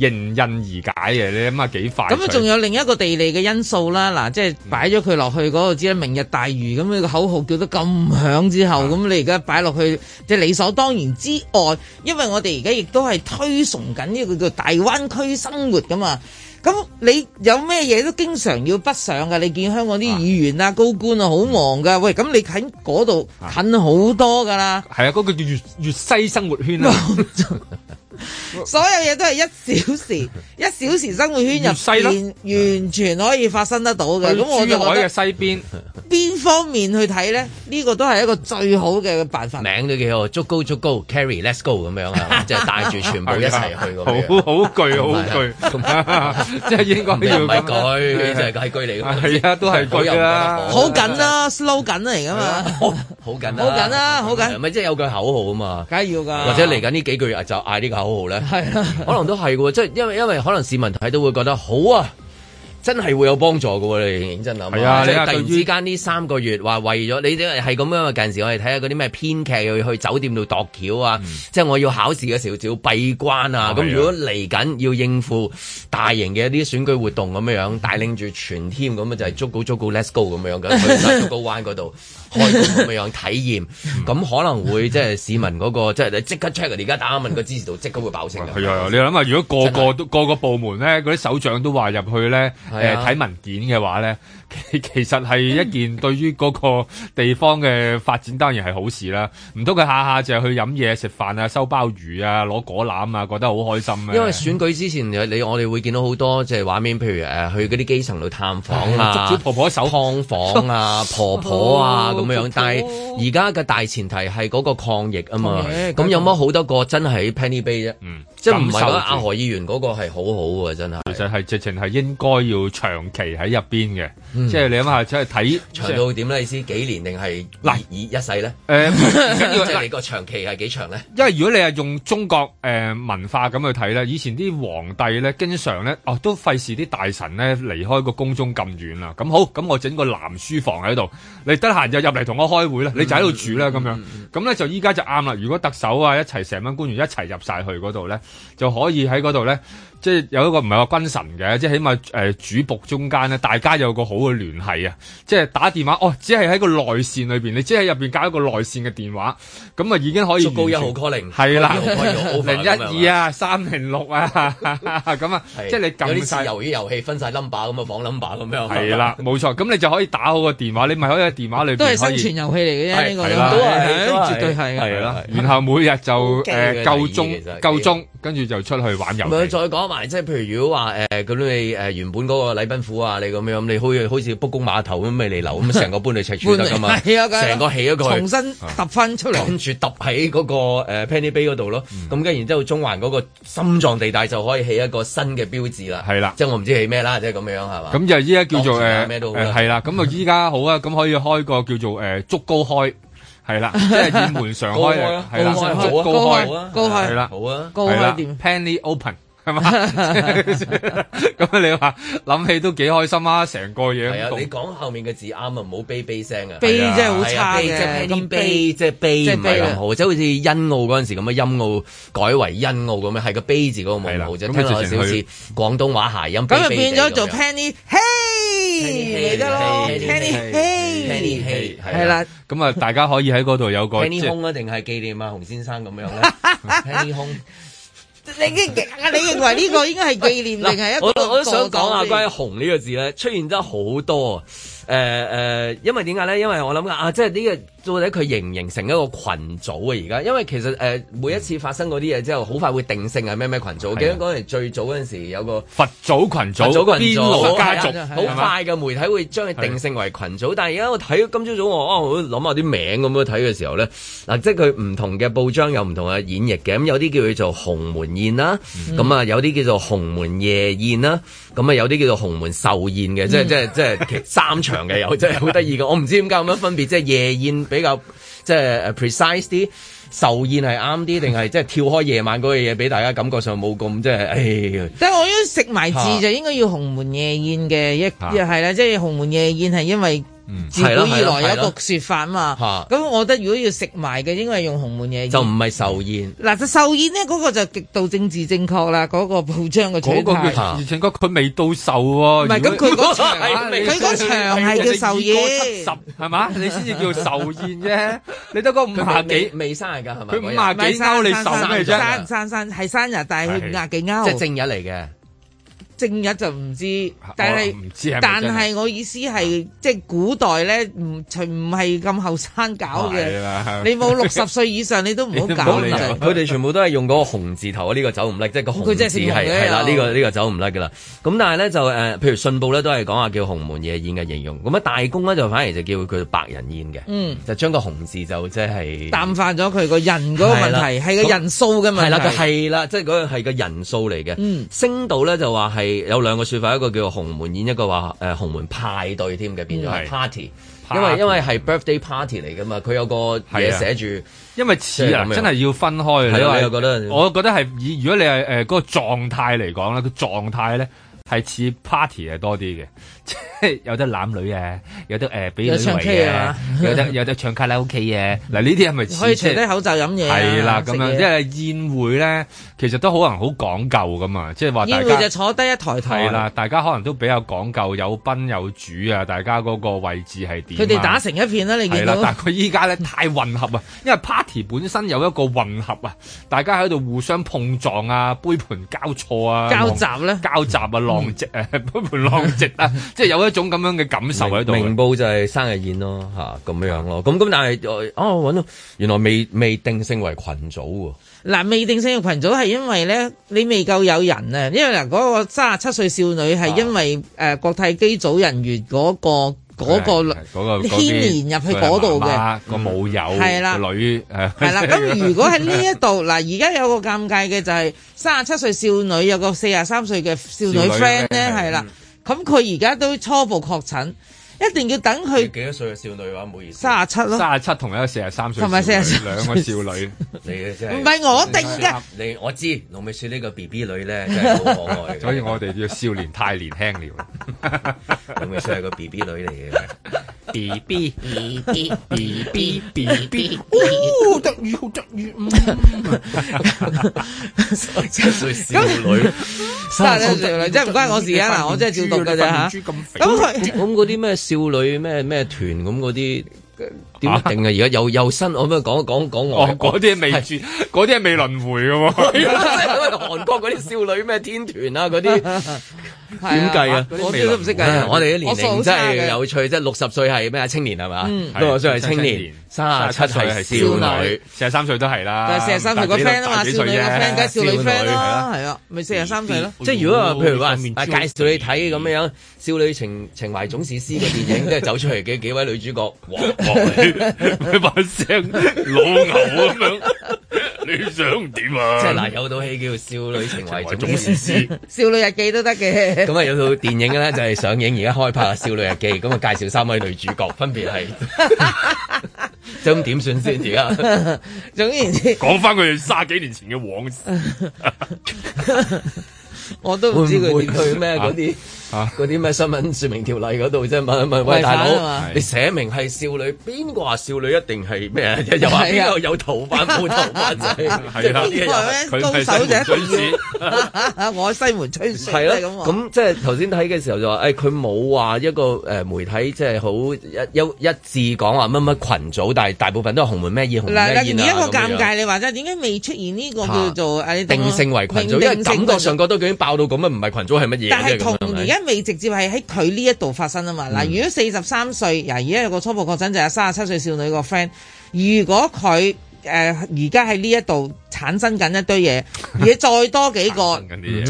迎刃而解嘅，你諗下幾快？咁啊，仲有另一個地理嘅因素啦，嗱，即係擺咗佢落去嗰度知啦，明日大魚咁個口號叫得咁響之後，咁你而家擺落去，即係理所當然之外，因為我哋而家亦都係推崇緊呢個叫大灣區生活㗎嘛。咁你有咩嘢都經常要北上噶，你見香港啲議員啊、高官啊好忙噶，喂，咁你近嗰度近好多噶啦。係啊，嗰個叫粵粵西生活圈啦。 [LAUGHS] 所有嘢都係一小時，一小時生活圈入邊完全可以發生得到嘅。咁我就嘅西邊、嗯、邊方面去睇咧？呢、這個都係一個最好嘅辦法。名都幾好，足高足高，carry，let's go 咁 carry, 樣啊， [LAUGHS] 即係帶住全部一齊去。好好好攰，即係應該唔要嘅。唔係句，佢就係句嚟嘛？係啊，都係句啦，好緊啦，slow 緊嚟噶嘛，好緊，好緊啦、啊，好緊。咪即係有句口號啊嘛，梗係要噶。或者嚟緊呢幾個月就嗌呢個口號。係啦 [LAUGHS] 可能都係嘅，即係因為因為可能市民睇都會覺得好啊。真係會有幫助嘅喎、啊嗯，你認真啊！係啊，即突然之間呢三個月話為咗你，哋係係咁啊！近時我哋睇下嗰啲咩編劇要去酒店度度橋啊，即、嗯、係、就是、我要考試嘅時候就要閉關啊。咁、啊啊、如果嚟緊要應付大型嘅一啲選舉活動咁樣樣，帶領住全 team 咁啊，就係足夠足夠 let's go 咁樣樣嘅，去彎嗰度開咁樣體驗。咁、嗯嗯、可能會即係、就是、市民嗰、嗰個即係你即刻 check，而家打問個支持度即刻會爆升嘅。係啊，啊，你諗下，如果個個都個個部門咧，嗰啲首長都話入去咧。誒睇、啊、文件嘅話咧。 [LAUGHS] 其實係一件對於嗰個地方嘅發展當然係好事啦，唔通佢下下就係去飲嘢食飯啊、收鮑魚啊、攞果籃啊，覺得好開心啊？因為選舉之前你我哋會見到好多即係畫面，譬如誒去嗰啲基層度探訪啦、啊，捉住婆婆手探訪啊、婆婆啊咁、 [LAUGHS] 哦、樣。但係而家嘅大前提係嗰個抗疫啊嘛，咁、嗯、有乜好多個真係 Penny Bay 啫、嗯，即係唔係阿何議員嗰個係好好啊，真係。其實係直情係應該要長期喺入邊嘅。即係你諗下，即係睇、就是就是、長到點咧？意思幾年定係嗱以一世咧？誒，呃、 [LAUGHS] 即係你個長期係幾長咧？因為如果你係用中國、呃、文化咁去睇咧，以前啲皇帝咧，經常咧，哦都費事啲大臣咧離開個宮中咁遠啦。咁好，咁我整個藍書房喺度，你得閒就入嚟同我開會啦，你就喺度住啦咁樣。咁、嗯、咧、嗯嗯、就依家就啱啦。如果特首啊一齊成班官員一齊入晒去嗰度咧，就可以喺嗰度咧。即係有一個唔係話君臣嘅，即係起碼主僕中間咧，大家有個好嘅聯繫啊！即係打電話哦，只係喺個內線裏面，你只係入面搞一個內線嘅電話，咁啊已經可以高夠一號 c a l l 係啦，零一二 [LAUGHS] 啊，三零六啊，咁 [LAUGHS] 啊， [LAUGHS] 即係你撳曬遊戲分晒 number 咁啊放 number 咁樣。係 [LAUGHS] 啦，冇錯，咁你就可以打好個電話，你咪可以喺電話裏面。都係生存遊戲嚟嘅啫，我覺得絕對係啦。然後每日就誒、呃、夠鍾夠鍾，跟住就出去玩遊戲。再講埋即係譬如，如果話誒，咁你誒原本嗰個禮賓府啊，你咁樣你，好，你可以好似卜公碼頭咁嚟留，咁成個搬去赤柱得噶，成個起一個重新揼翻出嚟，跟住揼喺嗰個誒 Penny Bay 嗰度咯，咁、嗯、跟然之後中環嗰個心臟地帶就可以起一個新嘅標誌、嗯、啦，係、就、啦、是，即係我唔知起咩啦，即係咁樣係嘛，咁就依家叫做誒係啦，咁啊依家、啊啊、好啊，咁可以開個叫做誒、啊、竹高開係啦，即係、啊就是、門上開， [LAUGHS] 開啊，係、啊高，啊、高開，高開係啦、啊啊啊啊，好啊，啊高開 Penny Open。係 [LAUGHS] 嘛對吧？咁、 [LAUGHS] 嗯、你話諗起都幾開心啊！成個嘢係啊！你講後面嘅字啱啊，啊！唔好、就是、悲悲聲啊！悲真係好差嘅，啲悲即係悲唔好，或者好似欣澳嗰陣時咁嘅陰澳改為欣澳咁樣，係個悲字嗰個冇好，就、啊、聽落少少廣東話諧音。咁就變咗做 Penny hey，得、hey、Penny hey，係 [LAUGHS] 啦、嗯。咁 [LAUGHS] 啊、嗯，大家可以喺嗰度有個即係空啊，定係紀念啊，洪先生咁樣咧？空。你應，你認為呢個應該係紀念定係 [LAUGHS] 一個我？我都想講啊。關於紅呢個字咧，出現得好多啊！誒、呃呃、因為點解咧？因為我諗啊，即係呢個。到底佢形唔形成一個群組啊？而家，因為其實誒、呃、每一次發生嗰啲嘢之後好快會定性係咩咩群組，我記得嗰陣最早嗰陣時有個佛祖群組，佛祖嘅家族，好快嘅媒體會將佢定性為群組，但係而家我睇今朝早我、哦，我哦諗下啲名咁樣睇嘅時候咧，嗱、啊，即係佢唔同嘅報章有唔同嘅演繹嘅。咁有啲叫佢做鴻門宴啦，咁、嗯、啊有啲叫做鴻門夜宴啦，咁啊有啲叫做鴻門壽宴嘅、嗯，即係即係即係三場嘅 [LAUGHS] 有，即係好得意嘅。我唔知點解咁樣分別即係夜宴。比較即係、就是、precise 啲壽宴係啱啲，定係即係跳開夜晚嗰樣嘢，俾大家感覺上冇咁即係。哎，但係我覺得食埋字、啊、就應該要紅門夜宴嘅一係啦，即係、啊就是、紅門夜宴係因為。自古以來有一個說法啊嘛，咁我覺得如果要食埋嘅，應該用紅門嘢，就唔係壽宴。嗱、啊，就壽宴呢，嗰、那個就極度政治正確啦，嗰、那個鋪張嘅取態。嗰、那個叫正確，佢未到壽喎、啊。唔係，咁佢嗰場係佢嗰場係叫壽宴，十係嘛？你先至叫壽宴啫，你得個 [LAUGHS] 五廿幾未生日噶係咪？佢五廿幾勾你壽咩啫？生生係生日，但係五廿幾勾，即係正日嚟嘅。正日就唔知，但係、哦、但係我意思係即係古代咧，唔除唔係咁後生搞嘅。你冇六十歲以上， [LAUGHS] 你都唔好搞。佢哋全部都係用嗰個紅字頭啊，呢、呢個走唔甩，即係個紅字係係啦，呢、呢個呢、呢個走唔甩噶啦。咁但係咧就、呃、譬如信報咧都係講話叫洪門夜宴嘅形容。咁啊大公咧就反而就叫佢百人宴嘅，嗯，就將個紅字就即係、就是、淡化咗佢個人嗰個問題，係個人數嘅嘛，係啦，係啦，即係嗰個係個人數嚟嘅。星島咧就話係。有兩個説法，一個叫鴻門宴，一個話誒鴻門派對添嘅變咗係 party, party，因為因為係 birthday party 嚟㗎嘛，佢有個嘢寫住，因為似啊，就是、真係要分開啊你啊，我覺得係以如果你係誒嗰個狀態嚟講咧，佢、那個、狀態咧係似 party 係多啲嘅。 [LAUGHS] 有得攬女嘅、啊，有得誒俾女圍嘅、啊，有得、啊、 [LAUGHS] 有得唱卡拉 OK 嘅、啊。嗱呢啲係咪可以除低口罩飲嘢、啊？係、就是、啦，咁樣即係、就是、宴會咧，其實都可能好講究㗎嘛，即係話宴會就坐低一台台。啦，大家可能都比較講究有賓有主啊，大家嗰個位置係點、啊？佢哋打成一片啦、啊，你見到。對啦，但佢依家咧太混合啊，因為 party 本身有一個混合啊，大家喺度互相碰撞啊，杯盤交錯啊，交集咧，交集啊，狼藉誒、嗯、 [LAUGHS] 杯盤狼藉啊。 [LAUGHS] [LAUGHS] 即係有一種咁樣嘅感受喺度，明報就係生日宴咯，嚇咁樣咯，咁咁但係哦，揾到原來未未定性為羣組喎。嗱，未定性為羣組係因為咧，你未夠有人啊，因為嗱嗰個三十七歲少女係因為誒國泰機組人員嗰個嗰個嗰個牽連入去嗰度嘅，個冇有係啦，女係啦。咁如果喺呢一度嗱，而家有個尷尬嘅就係三十七歲少女有個四廿三歲嘅少女 friend 咧，係啦。咁佢而家都初步確診，一定要等佢。幾多歲嘅少女話唔好意思。三十七咯。三十七同一個四十三歲。係咪四廿七兩個少女？ [LAUGHS] 你嘅真係。唔係我定嘅。你我知，農美雪呢個 BB 女咧真係好可愛。所以我哋要少年太年輕了。農 [LAUGHS] [LAUGHS] [LAUGHS] 美雪係個 BB 女嚟嘅。B B B B B B B B，哦，得意好得意，真係少女，真係少女，真係唔關我事啊嗱，我真係照讀嘅啫。咁咁嗰啲咩少女咩咩團咁嗰啲點定啊？而家又又新，我咁樣講講講講外國啲嘢，未轉，嗰啲係未輪迴嘅嘛，因為韓國嗰啲少女咩天團啊嗰啲。點計啊，啊？我哋都唔識計。我哋啲年齡真係有趣，即係六十歲係咩啊？青年係嘛？六十歲係青年，三十七歲係少女，啊，四十三歲都係啦。但係四十三歲個 friend 啊嘛，少女 friend，梗係少女 friend 咯。係啊，咪四十三歲咯。即係如果我譬如話介紹你睇咁樣少女情情懷總是詩嘅電影，即係走出嚟嘅幾位女主角， [LAUGHS] 哇！咩把聲老牛咁樣。你想點啊？即係嗱，有套戲叫《少女情懷總是詩》，《少女日記》都得嘅。咁啊，有套電影咧就係上映而家開拍《少女日記》，咁啊介紹三位女主角，分別係，咁點算先？而家，總言之，講翻佢哋卅幾年前嘅往事，我都唔知佢點去咩嗰啲。啊！嗰啲咩新聞說明條例嗰度啫，問問喂，喂大佬，你寫明係少女，邊個話少女一定係咩？又話邊個有頭髮冇頭髮仔？係 [LAUGHS] 高手我， [LAUGHS] 我西門吹水。係咯， [LAUGHS] 咁即係頭先睇嘅時候就話，誒佢冇話一個誒媒體即係好一一致講話乜乜群組，但係大部分都係紅門咩嘢咁，而家個尷尬，你話齋，點解未出現呢個叫做定性為群組？定性群組，因為感覺上覺得已經爆到咁啊，唔係群組係乜嘢，但係同而家。未直接係喺佢呢一度發生啊嘛。嗱、嗯，如果四十三歲，嗱，而家有個初步確診就係三十七歲少女個 friend，如果佢誒而家喺呢一度產生緊一堆嘢，而且再多幾個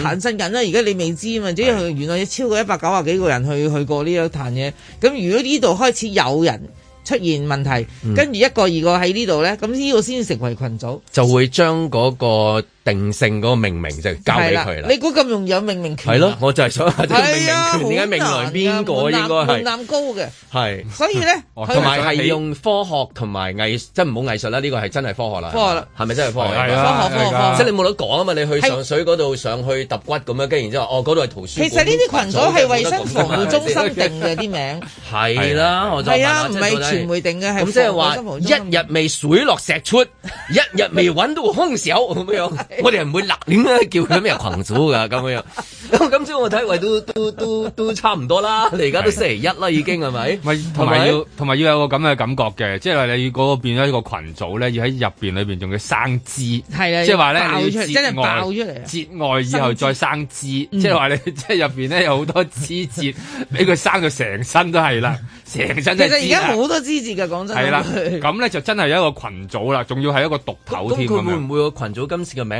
產生緊啦，而 [LAUGHS] 家你未知啊嘛，即係佢原來有超過一百九啊幾個人去去過呢一壇嘢，咁如果呢度開始有人出現問題，跟、嗯、住一個二個喺呢度咧，咁呢個先至成為群組，就會將嗰、那個。定性嗰個命名就交俾佢啦。你估咁容易有命名權？係咯，我就係想話即係命名權，點解命來邊個應該係？湖南嘅，湖南高嘅。係。所以咧，同埋係用科學同埋藝術，即係唔好藝術啦，呢個係真係科學啦。科學啦，係咪真係科學？係啊，係啊，科學科學科學，即係你冇得講啊嘛，你去上水嗰度上去揼骨咁樣，跟住然之後，哦嗰度係圖書館。其實呢啲群組係衛生服務中心定嘅啲名。係啦，我就係啊，唔係傳媒定嘅，係衛生服務中心。咁即係話，一日未水落石出，一日未揾到凶手咁樣。 [LAUGHS] 我哋唔會立亂咧叫佢咩群組噶咁樣。咁 [LAUGHS] 今朝我睇，喂，都都都都差唔多啦。你而家都星期一啦，已經係咪？咪同埋要同埋要有個咁嘅感覺嘅，即係話你要嗰個變咗一個群組咧，要喺入邊裏邊仲要生枝。係啊，即係話咧，真係爆出嚟，節外以後生再生枝，即係話你即係入邊咧有好多枝節，俾 [LAUGHS] 佢生到成身都係啦，成身都。其實而家好多枝節噶，講真係啦。咁咧、就係、就真係一個群組啦，仲要係一個獨頭。 [LAUGHS] 添。佢會唔會個群組今次嘅名？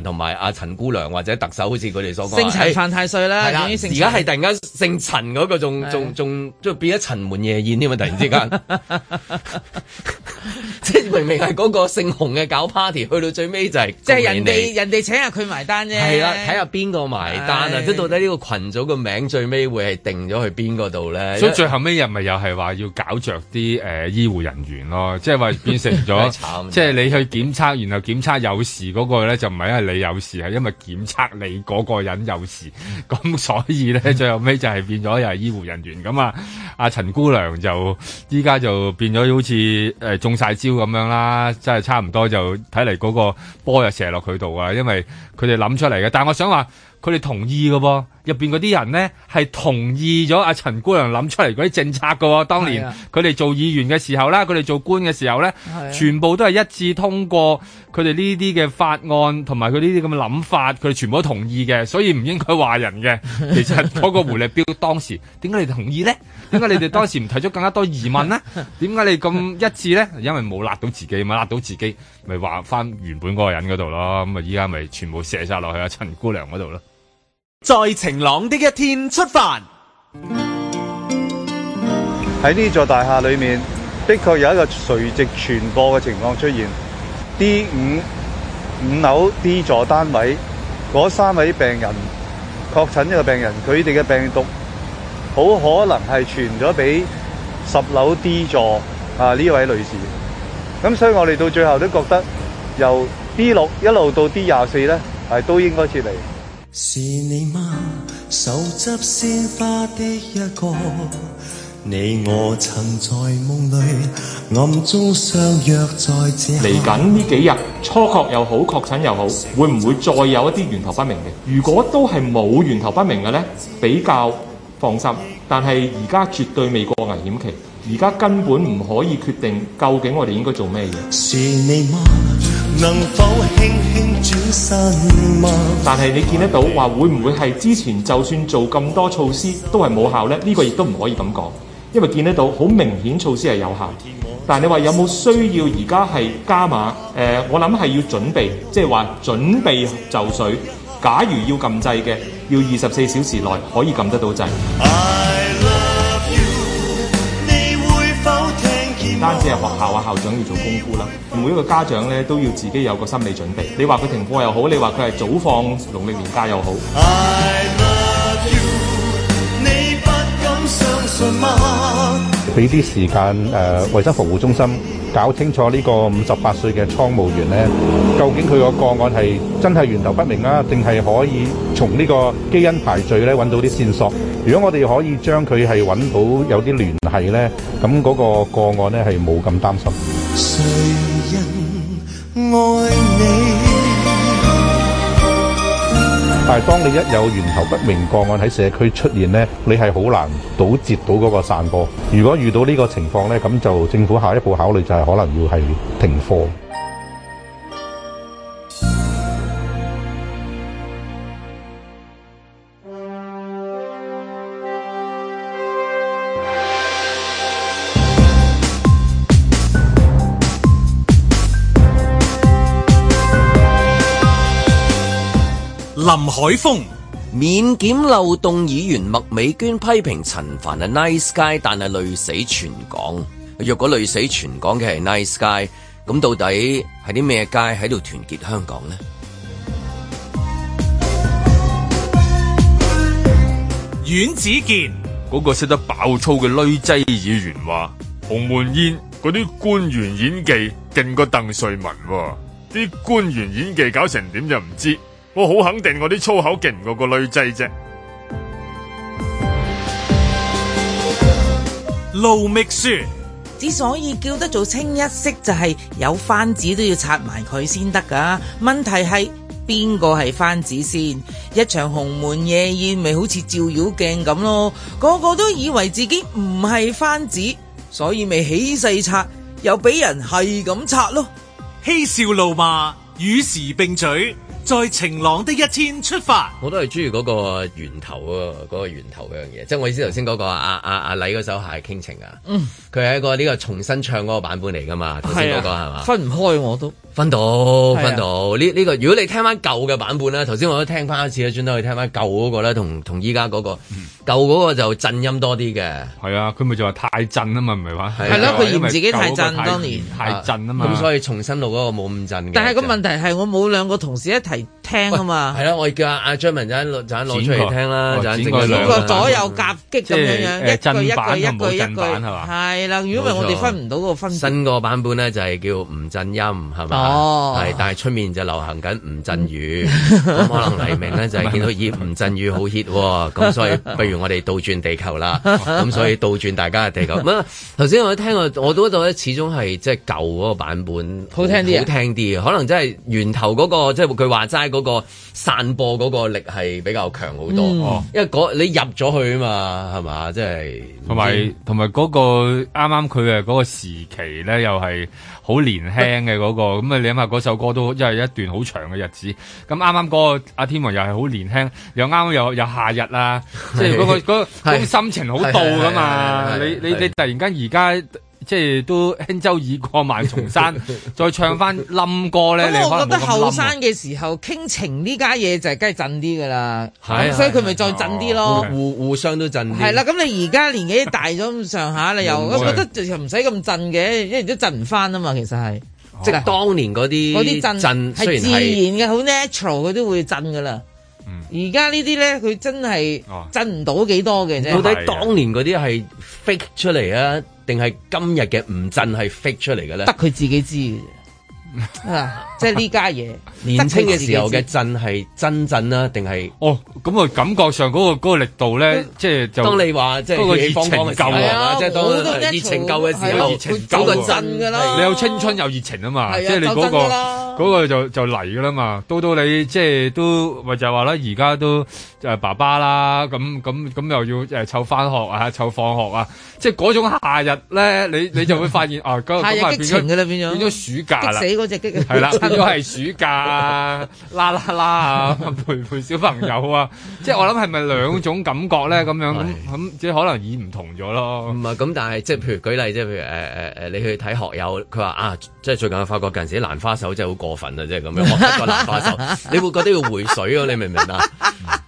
同埋阿陳姑娘或者特首，好似佢哋所講，姓陳犯太歲啦。而家係突然間姓陳嗰、嗰個，仲仲仲即變咗陳門夜宴添嘛？突然之間，即 [LAUGHS] 係 [LAUGHS] 明明係嗰個姓洪嘅搞 party，去到最尾就係即係人哋人哋請下佢埋單啫。係啦，睇下邊個埋單啊？即到底呢個群組嘅名個名最尾會係定咗去邊個度咧？所以最後尾又咪又係話要搞著啲誒、呃、醫護人員咯，即係話變成咗，即 [LAUGHS] 係、即係、你去檢測，然後檢測有事嗰個咧就唔係你有事係因為檢測你嗰個人有事，咁、嗯、所以咧、嗯、最後屘就係變咗又係醫護人員咁啊！阿、啊、陳姑娘就依家就變咗好似誒、欸、中晒招咁樣啦，即係差唔多就睇嚟嗰個波又射落佢度啊！因為佢哋諗出嚟嘅，但係我想話。佢哋同意嘅喎。入面嗰啲人呢，係同意咗阿陳姑娘諗出嚟嗰啲政策㗎喎。當年佢哋做議員嘅時候啦，佢哋做官嘅時候呢，全部都係一致通過佢哋呢啲嘅法案同埋佢呢啲咁嘅諗法，佢哋全部都同意嘅，所以唔應該話人嘅。 [LAUGHS] 其實嗰個回力標當時點解你哋同意呢？點解你哋當時唔提出更加多疑問呢？點解你咁一致呢？因為冇辣到自己，咪辣到自己，咪話返原本嗰個人嗰度咯。咁啊，依家咪全部射晒落去阿陳姑娘嗰度咯。在晴朗的一天出發。喺呢座大廈裏面，的確有一個垂直傳播嘅情況出現。D 五五樓 D 座單位嗰三位病人確診，一個病人佢哋嘅病毒好可能係傳咗俾十樓 D 座啊，呢位女士。咁所以我哋到最後都覺得由 D 六一路到 D 廿四咧，係都應該撤離。是你嗎？手執鮮花的一個，你我曾在夢裏暗中相約在這。嚟緊呢幾日，初確又好，確診又好，會唔會再有一啲源頭不明嘅？如果都係冇源頭不明嘅呢，比較放心。但係而家絕對未過危險期，而家根本唔可以決定究竟我哋應該做咩嘢。是你嗎？能否輕輕轉身嗎。但係你見得到話，會唔會係之前就算做咁多措施都係冇效呢？呢、呢個亦都唔可以咁講，因為見得到好明顯措施係有效。但係你話有冇需要而家係加碼？誒、呃，我諗係要準備，即係話準備就緒。假如要撳制嘅，要二十四小時內可以撳得到制。單止係學校啊，校長要做功夫啦。每一個家長咧都要自己有個心理準備。你話佢停課又好，你話佢係早放農曆年假又好，I love you, 你，不敢相信嗎？俾啲時間誒衞生服務中心。搞清楚呢個五十八歲嘅倉務員咧，究竟佢個個案係真係源頭不明啊，定係可以從呢個基因排序咧揾到啲線索？如果我哋可以將佢係揾到有啲聯繫咧，咁嗰個個案咧係冇咁擔心。誰人愛你但係，當你一有源頭不明個案喺社區出現呢，你係好難堵截到嗰個散播。如果遇到呢個情況呢，咁就政府下一步考慮就係可能要係停課。林海峰免檢漏洞，議員麥美娟批評陳帆係 nice guy，但係累死全港。若果累死全港嘅係 nice guy，咁到底係啲咩街喺度團結香港呢？阮子健嗰個識得爆粗嘅女仔議員話，鴻門宴嗰啲官員演技勁過鄧瑞文，啲官員演技搞成點就唔知。我好肯定，我啲粗口勁過個女仔啫。盧密書之所以叫得做清一色，就係有番子都要拆埋佢先得㗎。問題係邊個係番子先？一場鴻門夜宴，咪好似照妖鏡咁咯。個個都以為自己唔係番子，所以咪起勢拆，又俾人係咁拆咯。嬉笑怒罵，與時並取。在晴朗的一天出發，我都係中意嗰個源頭嗰、嗰個源頭嘅樣嘢，即係我意思頭先嗰個阿阿阿禮嗰首係傾情啊，佢、啊、係、啊嗯、一個呢個重新唱嗰個版本嚟噶嘛，頭先嗰個係嘛、啊，分唔開我都分到分到呢呢、啊這個，如果你聽翻舊嘅版本咧，頭先我都聽翻一次咧，專登去聽翻舊嗰個咧，同同依家嗰個舊嗰、嗯、個就震音多啲嘅，係啊，佢咪就話太震啊，太啊太了嘛，唔係嘛，係咯，佢嫌自己太震當年太震啊嘛，咁所以重新錄嗰個冇咁震，但係個問題係我冇兩個同事一。聽啊嘛，係啦，我叫家阿張文就揾攞出嚟聽啦，就整個左右夾擊咁樣樣，一句一句一句一句係嘛，係啦。如果唔係我哋分唔到嗰個分。新個版本咧就係叫吳鎮音係嘛，係、哦，但係出面就流行緊吳鎮宇，咁 [LAUGHS] 可能黎明咧就係見到以吳鎮宇好 hit 咁 [LAUGHS] 所以不如我哋倒轉地球啦，咁 [LAUGHS] 所以倒轉大家嘅地球。咁 [LAUGHS] 啊，頭先我聽過，我都覺得始終係即係舊嗰個版本好聽啲，好聽啲、啊、可能真係源頭嗰、嗰個即係佢話齋那個散播嗰個力係比較強好多、嗯，因為嗰你入咗去啊嘛，係嘛，即係同埋同埋嗰個啱啱佢嘅嗰個時期咧，又係好年輕嘅嗰個，咁啊、那個、你諗下嗰首歌都因為一段好長嘅日子，咁啱啱嗰個阿天王又係好年輕，又啱又又夏日啦，即係嗰個嗰、那個那個、心情好到㗎嘛，你你你，你突然間而家。即係都輕舟已過萬重山， [LAUGHS] 再唱翻冧歌咧。咁 [LAUGHS] 我，我覺得後生嘅時候傾情呢家嘢就係梗係震啲噶啦，咁、啊、所以佢咪再震啲咯。啊、互、啊、互，互相都震。係啦、啊，咁你而家年紀大咗咁上下， [LAUGHS] 你又 [LAUGHS] 我覺得就唔使咁震嘅，因為都震唔翻啊嘛。其實係、哦啊、即係當年嗰啲、嗰啲震係自然嘅，好 natural 佢都會震噶啦。而家呢啲咧，佢真係震唔到幾多嘅啫。到、哦、底當年嗰啲係 fake 出嚟啊，定係今日嘅唔震係 fake 出嚟嘅咧？得佢自己知嘅啫。 [LAUGHS] 啊！即係呢家嘢，年輕嘅時候嘅震係真震啦、啊，定係哦？咁啊，感覺上嗰、嗰個嗰、嗰個力度咧、嗯，即係就當你話即係、嗰個熱情夠啊！即係當熱情夠嘅時候，情夠、啊、個陣噶啦、啊。你有青春有熱情啊嘛！啊即係嗰、嗰個嗰、嗰個就就嚟噶啦嘛！到到你即係都咪就係話啦，而家都就係爸爸啦，咁咁咁又要誒湊翻學啊，湊放學、啊、學啊！即係嗰種夏日咧，你你就會發現 [LAUGHS] 啊夏日激情噶啦，變咗變咗暑假啦。係 [LAUGHS] 啦，差咗係暑假 [LAUGHS] 啦啦啦啊，陪陪小朋友啊， [LAUGHS] 即係我諗係咪兩種感覺咧？咁樣咁 [LAUGHS] 即係可能已唔同咗咯。唔係咁，但係即係譬如舉例，即係譬如誒誒誒，你去睇學友，佢話啊，即係最近發覺近時啲蘭花手真係好過分啊！即係咁樣，我得個蘭花手， [LAUGHS] 你會覺得要回水啊，你明唔明啊？ [LAUGHS]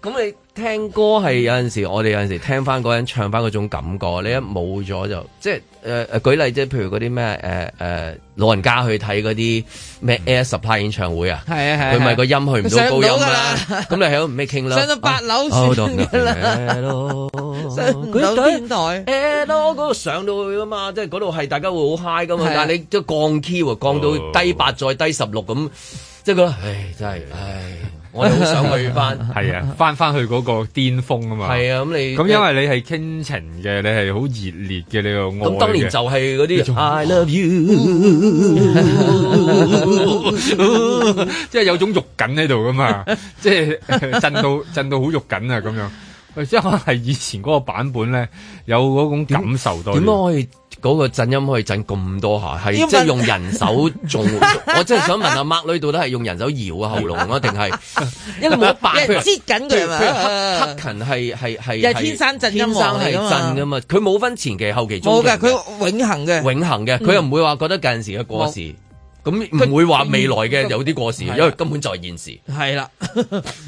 咁你聽歌係有陣時，我哋有陣時聽翻嗰人唱翻嗰種感覺，你一冇咗就即係誒、呃、舉例即係譬如嗰啲咩誒誒老人家去睇嗰啲咩 Air Supply 演唱會啊，係啊，佢咪個音去唔到高音了了、啊、㗎啦，咁你喺度咩傾啦？上到八樓算嘅啦，佢有天台 Air 咯，嗰度上到去啊嘛，即係嗰度係大家會好 high 噶嘛，啊、但係你即係降 key 喎，降到低八再低十六咁，即係個唉真係唉。 [MUSIC] 我好想去翻、嗯，係啊，翻翻去嗰個巔峰啊嘛！係啊，咁你咁因為你係傾情嘅，你係好熱烈嘅，你個愛。咁當年就係嗰啲 I love you，即係 đe... [MUSIC] 有種肉緊喺度噶嘛，即係震到震到好肉緊啊咁樣。即係可能係以前嗰個版本咧，有嗰種感受多啲。 [MUSIC] 嗰，那個震音可以震咁多下，係即係用人手做。 [LAUGHS] 我真係想問阿麥女到底係用人手搖喉嚨 [LAUGHS] 啊，定係因為冇擺佢你知緊佢嘛？克勤係係天生震音天生震㗎嘛？佢冇分前期、後期中、中期，冇㗎。佢永恒嘅，永恒嘅，佢、嗯、又唔會話覺得近時嘅過時，咁唔會話未來嘅有啲過時，因為根本在現時。係啦，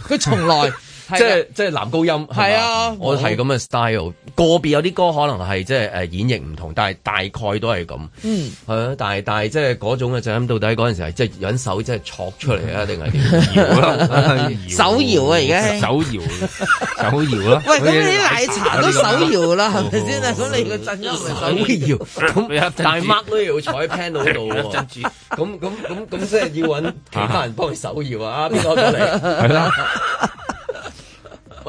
佢 [LAUGHS] 從來。 [LAUGHS] 即係即係男高音，係啊，我係咁嘅 style，哦。個別有啲歌可能係即係誒演繹唔同，但係大概都係咁。嗯，係 [LAUGHS] 啊，但係但係即係嗰種嘅震音，到底嗰陣時係即係搵手即係戳出嚟啊，定係搖啦？手搖啊，而家手搖手搖啦。喂，咁你啲奶茶都手搖啦，係咪先啊？咁你個震音係手搖，咁 [LAUGHS] [LAUGHS] 那 [LAUGHS] 但係 mark 都要坐喺 panel 度度喎，咁咁咁咁，即係要揾其他人幫佢手搖啊？啊 [LAUGHS] 誰來，邊個嚟？係啦。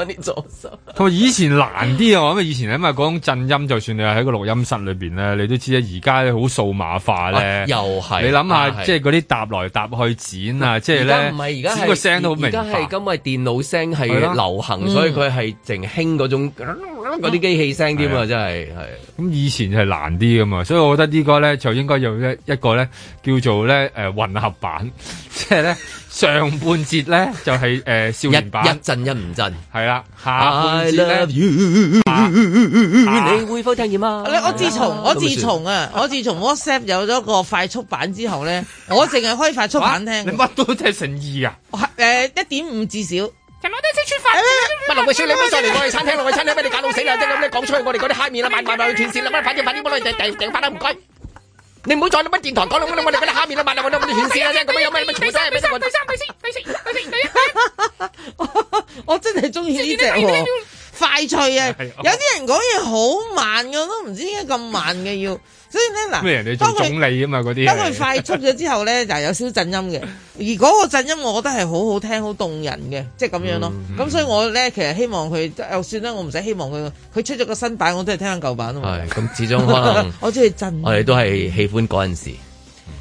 啲左手，同埋以前難啲啊！我諗以前因為嗰種震音，就算你喺個錄音室裏邊咧，你都知咧。而家好數碼化咧，又係你諗下，啊，即係嗰啲搭來搭去剪啊，嗯，即係咧，剪個聲都好明白。而家係因為電腦聲係流行，啊，所以佢係淨興嗰種。嗯嗰啲機器聲添啊，真係係咁，以前係難啲噶嘛，所以我覺得個呢個咧就應該有一一個咧叫做咧誒、呃、混合版，即係咧上半節咧就係、是、誒、呃、少年版，一震一唔震係啦，下半節咧、啊啊、你會否聽見嗎？我自從我自從啊，我自從，啊我自從 WhatsApp 有咗個快速版之後咧，我淨係開快速版聽、啊，你乜都聽成二啊？誒一點五至少。就攞發。不，秘書，你嚟我哋餐廳，我哋餐廳俾你搞到死啦，即係咁你講出去，我哋啲蝦麵啦，斷線啦，快啲，我哋翻啦，唔該。你唔好再乜電台講到我哋啲蝦麵啦，斷線啦，咁有咩我真係中意呢隻快脆啊！有啲人講嘢好慢噶，都唔知點解咁慢嘅要。所以咧嗱，當佢總理啊嘛嗰啲，當佢快速咗之後咧，就有少少震音嘅。而嗰個震音，我覺得係好好聽、好動人嘅，即係咁樣咯。咁所以我咧其實希望佢就算啦，我唔使希望佢。佢出咗個新版，我都係聽下舊版啊嘛。係咁，始終我中意震。我哋都係喜歡嗰陣時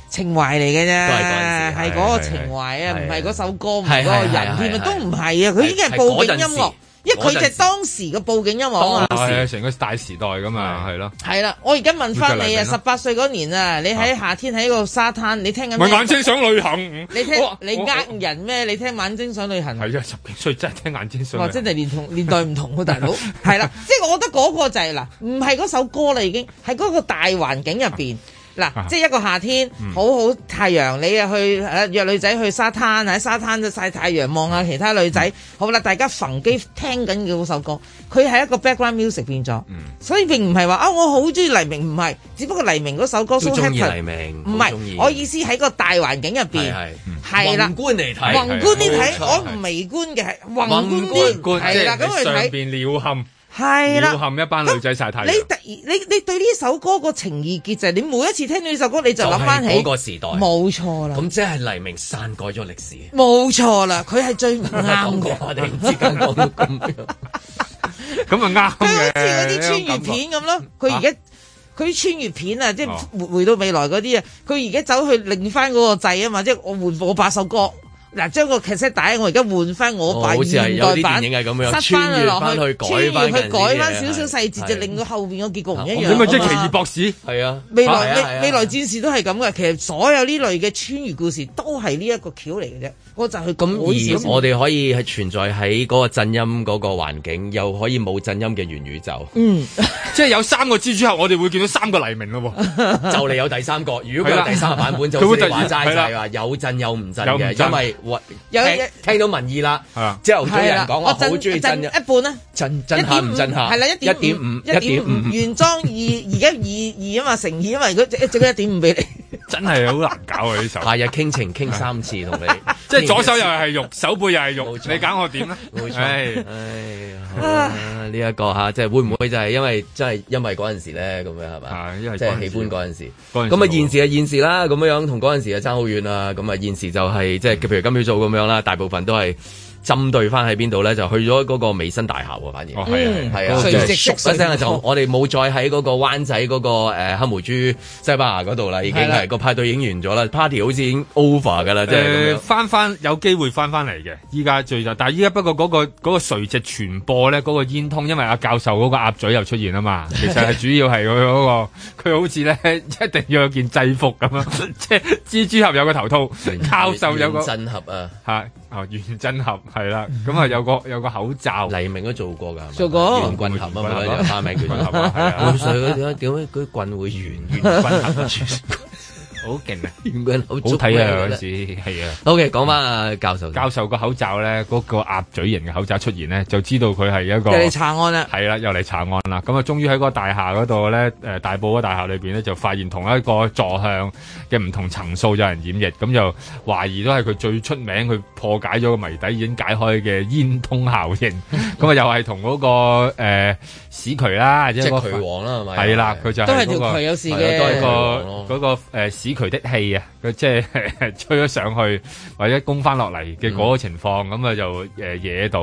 情懷嚟嘅啫，係嗰個情懷啊，唔係嗰首歌，唔係嗰個人，添啊都唔係啊。佢已經係報警音樂。因為佢就係當時嘅報警音樂，係係成個大時代咁啊，係咯。係啦，我而家問翻你啊，十八歲嗰年啊，你喺夏天喺個沙灘，啊、你聽緊咩？眼睛想旅行，你聽、啊、你呃人咩、啊？你聽眼睛、啊、想旅行。係啊，啊，十幾歲真係聽眼睛想旅行。哇！真係年， [LAUGHS] 年代唔同啊大佬。係啦， [LAUGHS] 即係我覺得嗰個就係、是、啦，唔係嗰首歌啦已經，係嗰個大環境入面。 [LAUGHS] 嗱、啊，即係一個夏天，好、嗯、好太陽，你啊去誒約女仔去沙灘，喺沙灘就晒太陽，望下其他女仔、嗯，好啦，大家逢機聽緊嘅嗰首歌，佢係一個 background music 變咗、嗯，所以並唔係話啊我好中意黎明，唔係，只不過黎明嗰首歌 so happy，唔係，我意思喺個大環境入邊，係啦、嗯，宏觀嚟睇，宏觀啲睇，我唔微觀嘅宏觀啲，係啦，咁去睇。就是係啦，冚一班女仔曬太陽。你突然，你你對呢首歌個情意結就，你每一次聽呢首歌你就諗翻起，就係、個時代。冇錯啦。咁即係黎明篡改咗歷史。冇錯啦，佢係最啱 [LAUGHS] 我哋之間講咁樣，咁咪啱嘅。就好似嗰啲穿越片咁咯，佢而家佢穿越片啊，即係回到未來嗰啲啊，佢而家走去擰翻嗰個掣啊嘛，即係我換我八首歌。嗱、啊，將個 case 我而家換翻我版現代版，塞翻落去，去，穿越去改翻少少細節，就令到後邊個結果唔一樣。你咪即係奇異博士，係啊，未來未，啊啊、未來戰士都係咁噶。其實所有呢類嘅穿越故事都係呢一個橋嚟嘅啫。我就係咁，而我哋可以係存在喺嗰個震音嗰個環境，又可以冇震音嘅元宇宙。嗯 [LAUGHS] 即係有三個蜘蛛俠，我哋會見到三個黎明咯，就嚟有第三個，如果佢有第三版本，就會話齋係話有震有唔震嘅，因為喂，聽到民意啦。之後多人講我好中意震一半，啊、震震啦，震震下唔震下，係啦，一點五，一點五，原裝二而家二二啊嘛，乘二，因為如果一直一點五俾你。 [LAUGHS] [LAUGHS] 真係好難搞啊！呢首，夏日傾情傾三次同你，即係左手又係肉，手背又係肉，你揀我點咧？冇錯，唉，呢一、哎哎哎哎哎哎這個吓、啊，即係會唔會就係因為，真係因為嗰陣時咧咁樣係嘛？因為即係喜歡嗰、啊、陣時。咁啊現時就現時啦，咁樣同嗰陣時就差好遠啦。咁啊現時就係即係譬如今朝早咁樣啦，大部分都係。針對翻喺邊度咧，就去咗嗰個美新大廈喎，反而哦係啊係啊，熟、嗯、聲啦就我哋冇再喺嗰個灣仔嗰、那個、呃、黑毛豬西班牙嗰度啦，已經係、那個派對影完咗啦，party 好似已經 over 噶啦，即係翻翻有機會翻翻嚟嘅，依家最就但係依家不過嗰、那個垂、那個、直傳播咧，嗰、那個煙通，因為阿教授嗰個鴨嘴又出現啊嘛，其實係主要係佢嗰個佢 [LAUGHS] 好似咧一定要有件制服咁樣，即 [LAUGHS] 係蜘蛛俠有個頭套， [LAUGHS] 教授有個真俠啊嚇。啊、哦！圓真俠係啦，咁啊、嗯嗯、有個有個口罩，黎明都做過㗎，做過圓棍俠啊嘛，有花名叫圓棍俠，半歲嗰點解，點解佢棍會圓，棍俠。 [LAUGHS] 好勁啊！好睇啊！嗰時係 [LAUGHS] 啊，OK，講翻啊教授。教授個口罩咧，嗰、那個鴨嘴型嘅口罩出現咧，就知道佢係一個又嚟查案啦。係啦，又嚟查案啦。咁啊，終於喺嗰個大廈嗰度咧，誒、呃，大埔嗰大廈裏邊咧，就發現同一個坐向嘅唔同層數有人染疫，咁就懷疑都係佢最出名，佢破解咗個謎底已經解開嘅煙通效應。咁 [LAUGHS] 啊、那個，又係同嗰個誒市渠啦，即係渠王啦，係咪？係啦，佢就、那個、都係條渠有事嘅，個、那個誒、呃佢的氣啊，佢即係吹咗上去，或者供翻落嚟嘅嗰個情況，咁、嗯、啊就誒惹到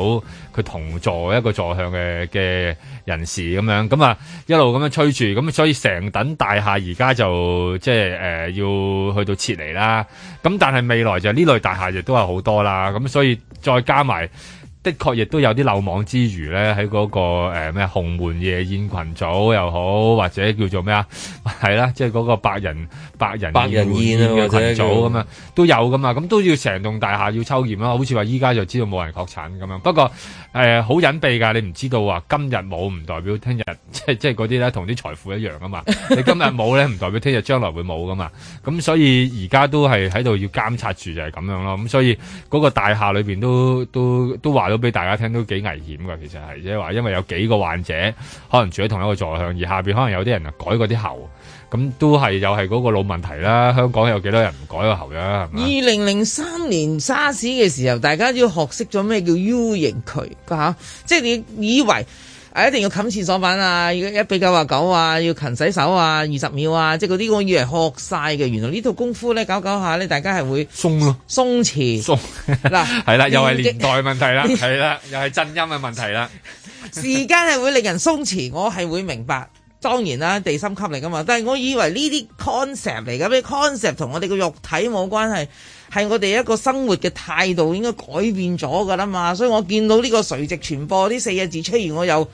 佢同座一個座向嘅嘅人士咁樣，咁啊一路咁樣吹住，咁所以成棟大廈而家就即係誒、呃、要去到撤離啦。咁但係未來就呢類大廈亦都有好多啦。咁所以再加埋。的確亦都有啲漏網之魚咧，喺嗰、嗰個咩洪、呃、門夜宴群組又好，或者叫做咩啊，係啦，即係嗰個百人百人百人宴嘅羣組咁啊，都有噶嘛，咁都要成棟大廈要抽驗啦。好似話依家就知道冇人確診咁樣，不過誒好、呃、隱蔽㗎，你唔知道話今日冇唔代表聽日，即係即係嗰啲咧同啲財富一樣㗎嘛， [LAUGHS] 你今日冇咧唔代表聽日將來會冇噶嘛，咁所以而家都係喺度要監察住就係、是、咁樣咯，咁所以嗰個大廈裏邊都都都俾大家聽都幾危險噶，其實係話、就是、因為有幾個患者可能住喺同一個坐向，而下邊可能有啲人啊改嗰啲喉，咁都係又係嗰個老問題啦。香港有幾多人唔改個喉啫？係二零零三年沙士嘅時候，大家要學識咗咩叫 U 型渠噶吓，即、啊、係、就是、你以為。一定要冚廁所板啊！要一比九啊九啊，要勤洗手啊，二十秒啊，即係嗰啲我以為學晒嘅。原來呢套功夫咧，搞搞,搞下咧，大家係會鬆咯、啊，鬆弛。鬆嗱係啦， [LAUGHS] 又係年代問題啦，係 [LAUGHS] 啦，又係震音嘅問題啦。 [LAUGHS] 時間係會令人鬆弛，我係會明白。當然啦，地心吸力噶嘛，但係我以為呢啲 concept 嚟嘅咩 concept 同我哋個肉體冇關係，係我哋一個生活嘅態度應該改變咗㗎啦嘛。所以我見到呢個垂直傳播呢四個字出現，我有。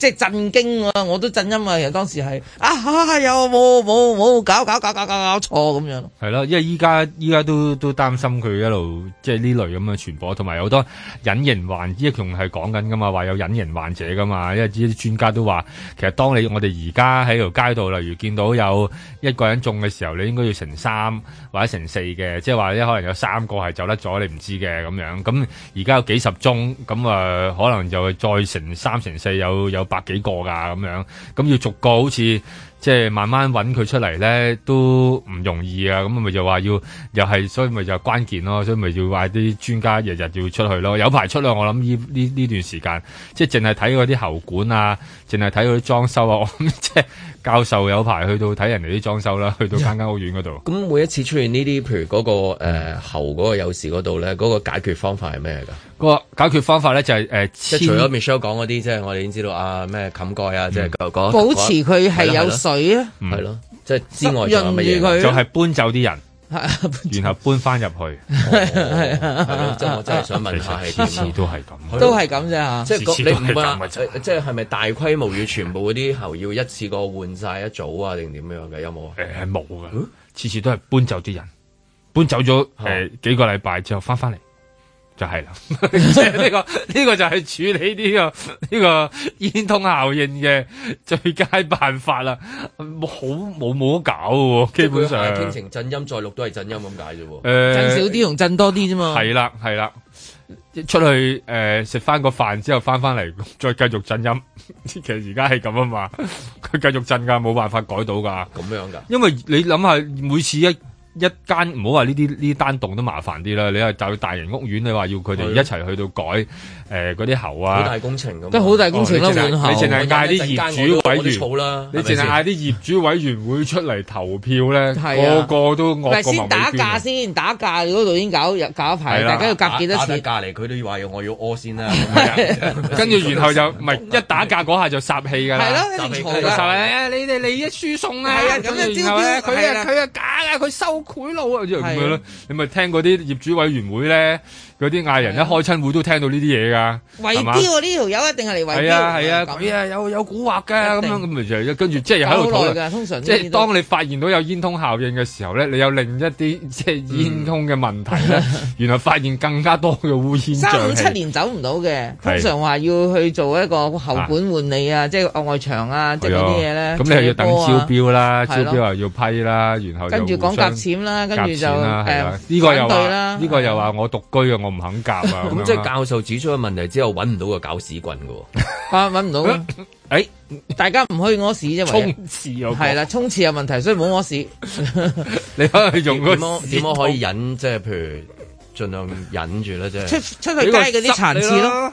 即係震驚啊！我都震因為、啊、當時係啊，有冇冇冇搞搞搞搞搞錯咁樣。係咯，因為依家依家都都擔心佢一路即係呢類咁嘅傳播，同埋好多隱形患者，仲係講緊㗎嘛，話有隱形患者㗎嘛，因為啲專家都話，其實當你我哋而家喺條街道，例如見到有一個人中嘅時候，你應該要成三。或者成四嘅，即係話咧，可能有三個係走得咗，你唔知嘅咁樣。咁而家有幾十宗，咁啊、呃、可能就再成三成四有有百幾個㗎咁樣，咁要逐個好似。即係慢慢揾佢出嚟咧，都唔容易啊！咁咪就話要，又係所以咪就關鍵咯，所以咪要話啲專家日日要出去咯。有排出咧，我諗依呢呢段時間，即係淨係睇嗰啲喉管啊，淨係睇嗰啲裝修啊，我即係教授有排去到睇人哋啲裝修啦，去到間間屋苑嗰度。咁 [LAUGHS] 每一次出現呢啲，譬如嗰、嗰個、呃、喉嗰個有時嗰度咧，嗰、嗰個解決方法係咩㗎？嗰個解決方法咧就係、是、誒、呃，即係除咗 Michelle 講嗰啲，即係我哋已經知道啊咩冚蓋，蓋啊，即係嗰保持佢係有。對啊，係、嗯、咯，即係之外佢就係、是、搬走啲人， [LAUGHS] 然後搬翻入去。即 [LAUGHS] 真、哦、 [LAUGHS] 不是 [LAUGHS] 我真係想問下次次都係咁，都係咁啫，即係你唔係，即係係咪大規模要全部嗰啲候要一次過換晒一組啊？定點樣嘅？有冇啊？誒，冇噶，次次都係、呃、搬走啲人， [LAUGHS] 搬走咗誒幾個禮拜之後翻翻嚟。就係、是、啦，呢 [LAUGHS] 個呢個就係處理呢個呢個煙通效應嘅最佳辦法啦，好冇冇得搞，基本上。天晴震音再錄都係震音咁解啫，震少啲同震多啲啫嘛。係啦係啦，出去誒食翻個飯之後翻翻嚟再繼續震音，其實而家係咁啊嘛，佢繼續震噶，冇辦法改到噶。咁樣噶？因為你諗下每次一。一間唔好話呢啲呢單棟都麻煩啲啦，你話就去大型屋苑，你話要佢哋一齊去到改。誒嗰啲喉啊，好大工程咁，都好大工程啦，啊哦！你淨係嗌啲業主委員啦，你淨係嗌啲業主委員會出嚟投票咧，個個都惡係、啊、先打架先，打架嗰度已經搞搞一排，大家、啊、要夾幾多次？打打架嚟，佢都話要我要屙先啦，啊。跟住、啊、 [LAUGHS] 然後就唔係 [LAUGHS] 一打架嗰下就殺氣㗎啦。係咯、啊，你嘈、啊、你哋利益輸送啊。咁然後咧，佢啊佢啊假啊，佢收、啊啊啊啊、賄賂啊，啊，啊，你咪聽嗰啲業主委員會咧。嗰啲嗌人一開親會都聽到呢啲嘢噶，圍標喎，呢條友一定係嚟圍標，啊係啊，啊，啊，啊有有蠱惑噶，咁樣咁咪跟住即係喺度討通常即係當你發現到有煙通效應嘅時候咧，你有另一啲即係煙通嘅問題咧，原、嗯、來、嗯、發現更加多嘅污染。三五七年走唔到嘅，通常話要去做一個喉管管理啊，即係外牆啊，即係嗰啲嘢咧。咁、啊、你係要等招標啦、啊，招標又要批啦，然後跟住講夾錢啦，跟住就誒反對啦。呢、啊啊呢個又話我獨居啊，uh, 唔肯教啊！咁 [MUSIC] 即係教授指出嘅問題之後，揾唔到個搞屎棍噶， [LAUGHS] 啊揾唔到！誒、 [LAUGHS] 哎，大家唔可以屙屎啫，係啦，沖廁有問題，所以唔好屙屎。 [LAUGHS] 你可唔可以用佢？點樣，點樣可以忍？即係譬如。盡量忍住啦，即係出出晒街嗰啲殘次咯、啊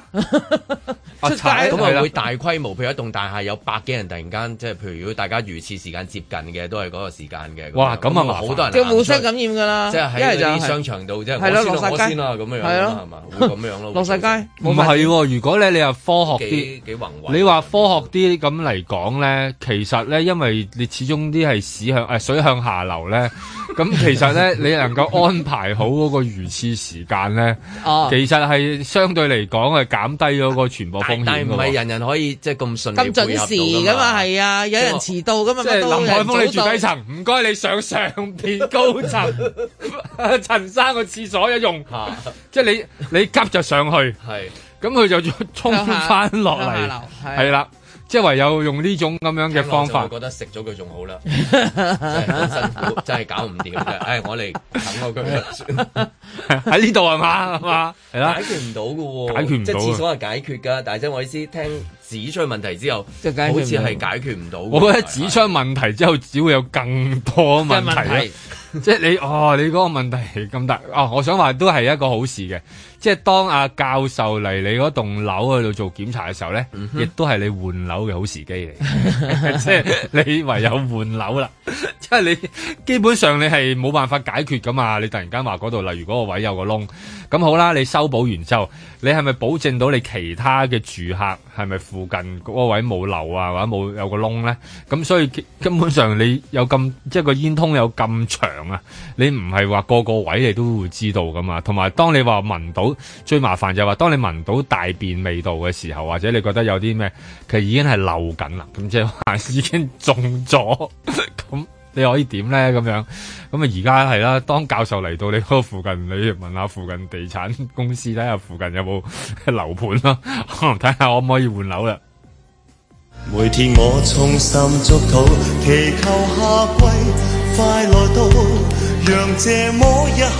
啊。出街咁啊，就會大規模，譬如一棟大廈有百幾人，突然間即係，譬如如果大家如廁時間接近嘅，都係嗰個時間嘅。哇，咁啊，好多人，叫互相感染噶啦，即係喺啲商場度，即係。係咯， [LAUGHS] 落晒街。係咯，係嘛？咁樣咯，落晒街。唔係，如果咧你又科學啲幾宏偉？你話科學啲咁嚟講咧，其實咧，因為你始終啲係屎向誒、啊、水向下流咧。咁其實咧，你能夠安排好嗰個如廁時間咧，其實係相對嚟講係減低咗個傳播風險㗎嘛。係，但唔係人人可以即係咁順利。咁準時㗎嘛係啊，有人遲到㗎嘛。即係林海峰你住低層，唔該你上上邊高層。陳生個廁所一用，即係你你急就上去，係咁佢就衝翻落嚟，係啦。即係唯有用呢種咁樣嘅方法，我覺得食咗佢仲好啦， [LAUGHS] 真係辛苦， [LAUGHS] 真係搞唔掂嘅。唉、 [LAUGHS] 哎，我嚟等個佢喺呢度係嘛係嘛，解決唔到喎。解決唔到。即係廁所係解決噶，但係我意思，聽指出問題之後，即係好似係解決唔到。 [LAUGHS] 我覺得指出問題之後，只會有更多問題。就是、問題 [LAUGHS] 即係你哦，你嗰個問題咁大、哦、我想話都係一個好事嘅。即係當阿教授嚟，你嗰棟樓去度做檢查嘅時候咧，亦都係你換樓嘅好時機嚟，即 [LAUGHS] 係 [LAUGHS] 你唯有換樓啦。即係你基本上你係冇辦法解決噶嘛。你突然間話嗰度例如嗰個位有個窿，咁好啦，你修補完之後，你係咪保證到你其他嘅住客係咪附近嗰個位冇漏啊，或者冇有，有個窿咧？咁所以根本上你有咁即係個煙通有咁長啊，你唔係話個個位你都會知道噶嘛。同埋當你話聞到。最麻煩就係話，當你聞到大便味道嘅時候，或者你覺得有啲咩，佢已經係漏緊啦，咁即係話已經中咗，咁 [LAUGHS] 你可以點咧？咁樣咁啊，而家係啦，當教授嚟到你個附近，你問下附近地產公司睇下附近有冇樓盤咯，可能睇下可唔可以換樓啦。每天我衷心祝禱，祈求下季快來到，讓這麼一刻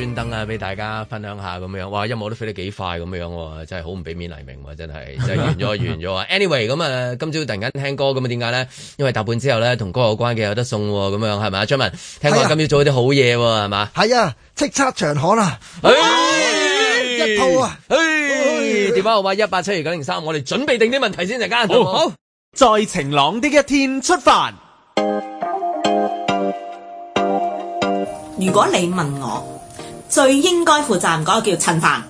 專登啊，俾大家分享下咁樣，哇！音樂都飛得幾快咁樣，真係好唔俾面黎明，真係，就完咗完咗。Anyway，咁啊，今朝突然間聽歌咁啊，點解咧？因為答半之後咧，同歌有關嘅有得送咁樣，係咪啊，張文？聽講今朝做啲好嘢，係嘛？係啊，叱咤長河啦、啊，一套啊，誒，電話號碼一八七二九零三，903, 我哋準備定啲問題先陣間，好好？在晴朗的一天出發。如果你問我。最應該負責任嗰個叫陳凡，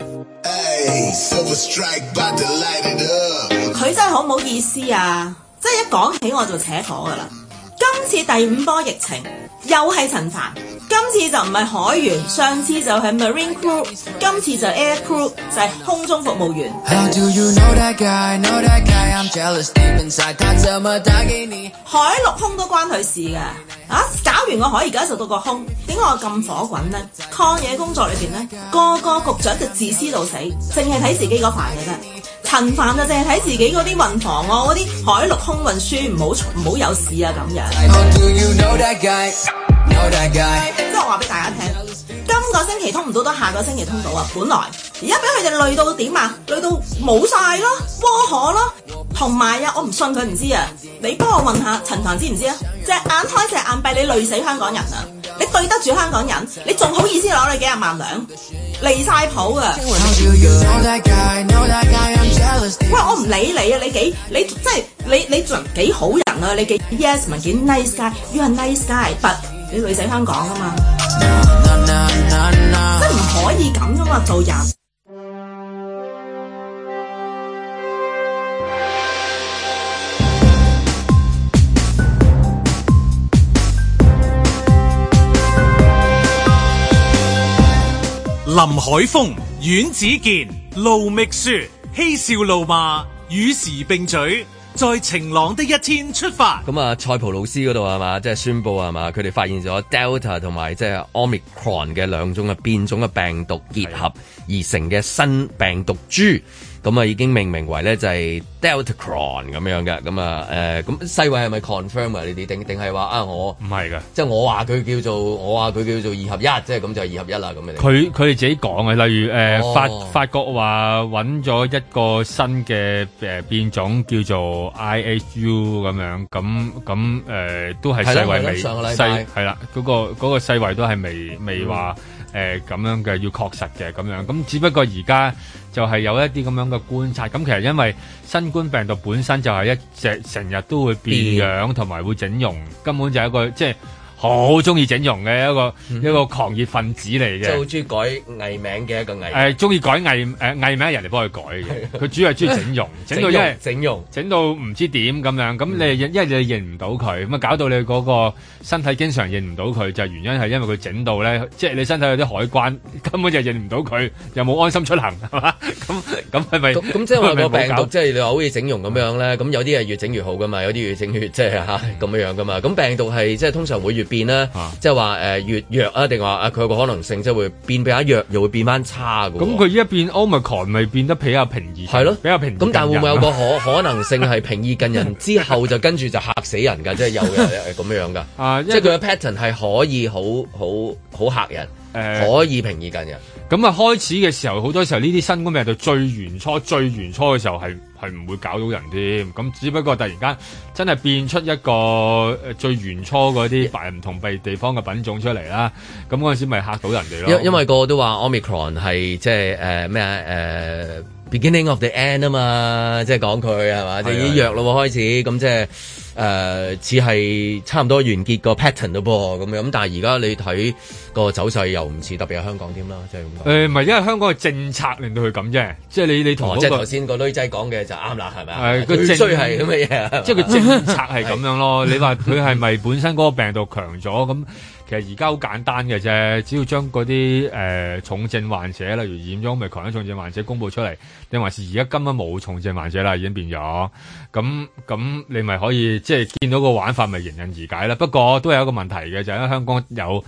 佢真係好唔好意思啊！即係一講起我就扯火㗎啦。今次第五波疫情又係陳帆，今次就唔係海員，上次就係 marine crew，今次就是 air crew，就係空中服務員。You know jealous, 海陸空都關佢事噶，啊搞完個海而家就到個空，點解我咁火滾呢？抗疫工作裏邊呢，個個局長就自私到死，淨係睇自己嗰份嘅啫。陳帆就淨係睇自己嗰啲運房哦、啊，嗰啲海陸空運輸唔好唔好有事啊咁樣。do you know that guy? know that guy guy that that 即係我話俾大家聽，今個星期通唔到都下個星期通到啊！本來，而家俾佢哋累到點啊？累到冇晒咯，窩可咯，同埋啊，我唔信佢唔知啊！你幫我問下陳凡知唔知啊？隻眼開隻眼閉，你累死香港人啊！你對得住香港人，你仲好意思攞你幾廿萬兩？離晒譜啊！喂，我唔理你啊！你幾你即係你你，你做人幾好人啊？你幾 yes 文件 nice guy you 係 nice guy，but 你女仔香港啊嘛，no, no, no, no, no，真唔可以咁噶嘛做人。林海峰、阮子健、盧覓雪嬉笑怒罵，與時並舉，在晴朗的一天出發。咁啊，塞浦路斯嗰度係嘛，即係宣布係嘛，佢哋發現咗 Delta 同埋即係 Omicron 嘅兩種嘅變種嘅病毒結合而成嘅新病毒株。咁啊，已經命名為咧就係 Deltacron 咁樣嘅，咁啊，誒、呃，咁世衞係咪 confirm 啊？你哋定定係話啊？我唔係㗎。即係我話佢叫做，我話佢叫做二合一，即係咁就係、是、二合一啦，咁嘅。佢佢哋自己講嘅，例如誒、呃哦、法法國話揾咗一個新嘅誒變種叫做 IHU 咁樣，咁咁、呃、都係世衞未世係啦，嗰、那個嗰、那個、世衞都係未未話。誒、呃、咁樣嘅要確實嘅咁樣，咁只不過而家就係有一啲咁樣嘅觀察，咁其實因為新冠病毒本身就係一隻成日都會變樣同埋會整容，根本就係一個即係。好中意整容嘅一個一個狂熱分子嚟嘅，即係好中意改藝名嘅一個藝，誒中意改藝誒藝名人哋幫佢改嘅，佢主要係中意整容，整到因為整容，整到唔知點咁樣，咁你因因為你認唔到佢，咁啊搞到你嗰個身體經常認唔到佢，就係原因係因為佢整到咧，即係你身體有啲海關，根本就認唔到佢，又冇安心出行係嘛？咁咁係咪？咁即係話個病毒，即係你話好似整容咁樣咧，咁有啲係越整越好噶嘛，有啲越整越即係嚇咁樣樣噶嘛？咁病毒係即係通常會越變啦、啊，即係話誒越弱啊，定話啊佢個可能性即係會變比較弱，又會變翻差嘅、啊。咁佢依一變 Omicron 咪變得比較平易，係咯、啊、比較平咁、啊、但會唔會有個可可能性係平易近人 [LAUGHS] 之後就跟住就嚇死人㗎？即係又嘅咁樣㗎。啊，因為即係佢嘅 pattern 係可以好好好嚇人、呃，可以平易近人。咁啊，開始嘅時候，好多時候呢啲新冠病毒最原初、最原初嘅時候係係唔會搞到人添。咁只不過突然間真係變出一個最原初嗰啲唔同地地方嘅品種出嚟啦。咁嗰陣時咪嚇到人哋咯。因為因為個個都話 omicron 係即係誒咩啊 beginning of the end 啊嘛，即係講佢係嘛，就是就是、已經弱咯、yeah. 開始咁即係誒、呃、似係差唔多完結個 pattern 咯噃咁樣，咁但係而家你睇個走勢又唔似，特別係香港點啦，即係咁。誒唔係因為香港嘅政策令到佢咁啫，即係你你同、即係哦、即係頭先個女仔講嘅就啱啦，係咪啊？誒個政係咁嘅嘢，即係佢政策係咁樣咯。 [LAUGHS] 你話佢係咪本身嗰個病毒強咗咁？其實而家好簡單嘅啫，只要將嗰啲誒重症患者，例如染咗咪狂身重症患者，公布出嚟，定還是而家根本冇重症患者啦，已經變咗。咁咁你咪可以即係見到個玩法，咪迎刃而解啦。不過都有一個問題嘅，就係因為香港有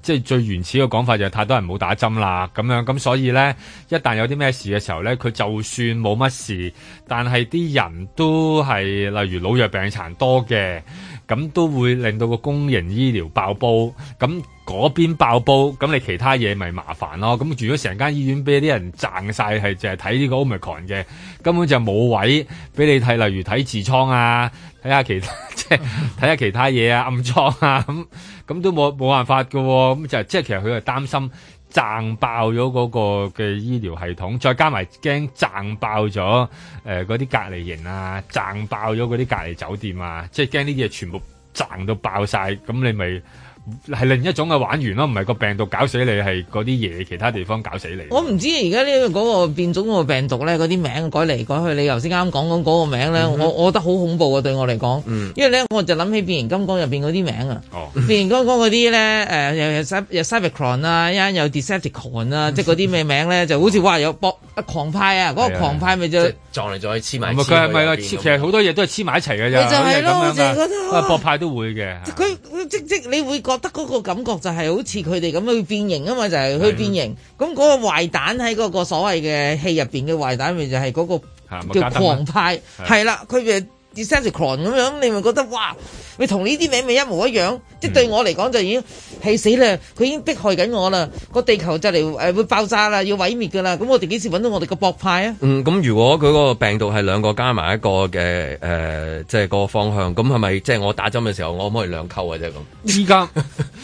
即係最原始嘅講法，就係太多人冇打針啦咁樣。咁所以咧，一旦有啲咩事嘅時候咧，佢就算冇乜事，但係啲人都係例如老弱病殘多嘅。咁都會令到個公營醫療爆煲，咁嗰邊爆煲，咁你其他嘢咪麻煩咯？咁住咗成間醫院俾啲人賺晒，係淨係睇呢個 Omicron 嘅，根本就冇位俾你睇，例如睇痔瘡啊，睇下其他即係睇下其他嘢啊，暗瘡啊，咁咁都冇冇辦法嘅，咁就即係其實佢係擔心。掙爆咗嗰個嘅醫療系統，再加埋驚掙爆咗誒嗰啲隔離營啊，掙爆咗嗰啲隔離酒店啊，即係驚呢啲嘢全部掙到爆晒。咁你咪～係另一種嘅玩完咯，唔係個病毒搞死你，係嗰啲嘢其他地方搞死你。我唔知而家呢嗰個變種個病毒咧，嗰啲名改嚟改去。你頭先啱啱講講嗰個名咧，我我覺得好恐怖啊，對我嚟講。嗯。因為咧，我就諗起變形金剛入邊嗰啲名啊。哦。變形金剛嗰啲咧，誒，有有 Cybertron 啊，一啲有 Decepticon 啊，即係嗰啲咩名咧，就好似話有博狂派啊，嗰個狂派咪就撞嚟再黐埋。唔係佢係唔係啊？其實好多嘢都係黐埋一齊嘅。你就係咯，我就覺得。博派都會嘅。佢即即，你會講。覺得嗰個感覺就係好似佢哋咁樣去變形啊嘛，就係、是、去變形。咁嗰個壞蛋喺嗰個所謂嘅戲入邊嘅壞蛋咪就係嗰個叫狂派，係啦，佢哋。咁樣，你咪覺得哇，你同呢啲名咪一模一樣？即係對我嚟講就已經氣死啦，佢已經迫害緊我啦，個地球就嚟誒會爆炸啦，要毀滅噶啦。咁我哋幾時搵到我哋個博派啊？嗯，咁、嗯、如果佢個病毒係兩個加埋一個嘅誒，即、呃、係、即係、個方向，咁係咪即係我打針嘅時候，我可唔可以兩溝嘅啫？咁依家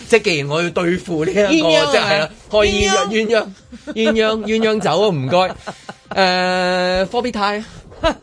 即係既然我要對付呢、呢、一個，即係可以。鴛鴦，鴛鴦，鴛鴦，鴛鴦走啊！唔該。誒，科比泰，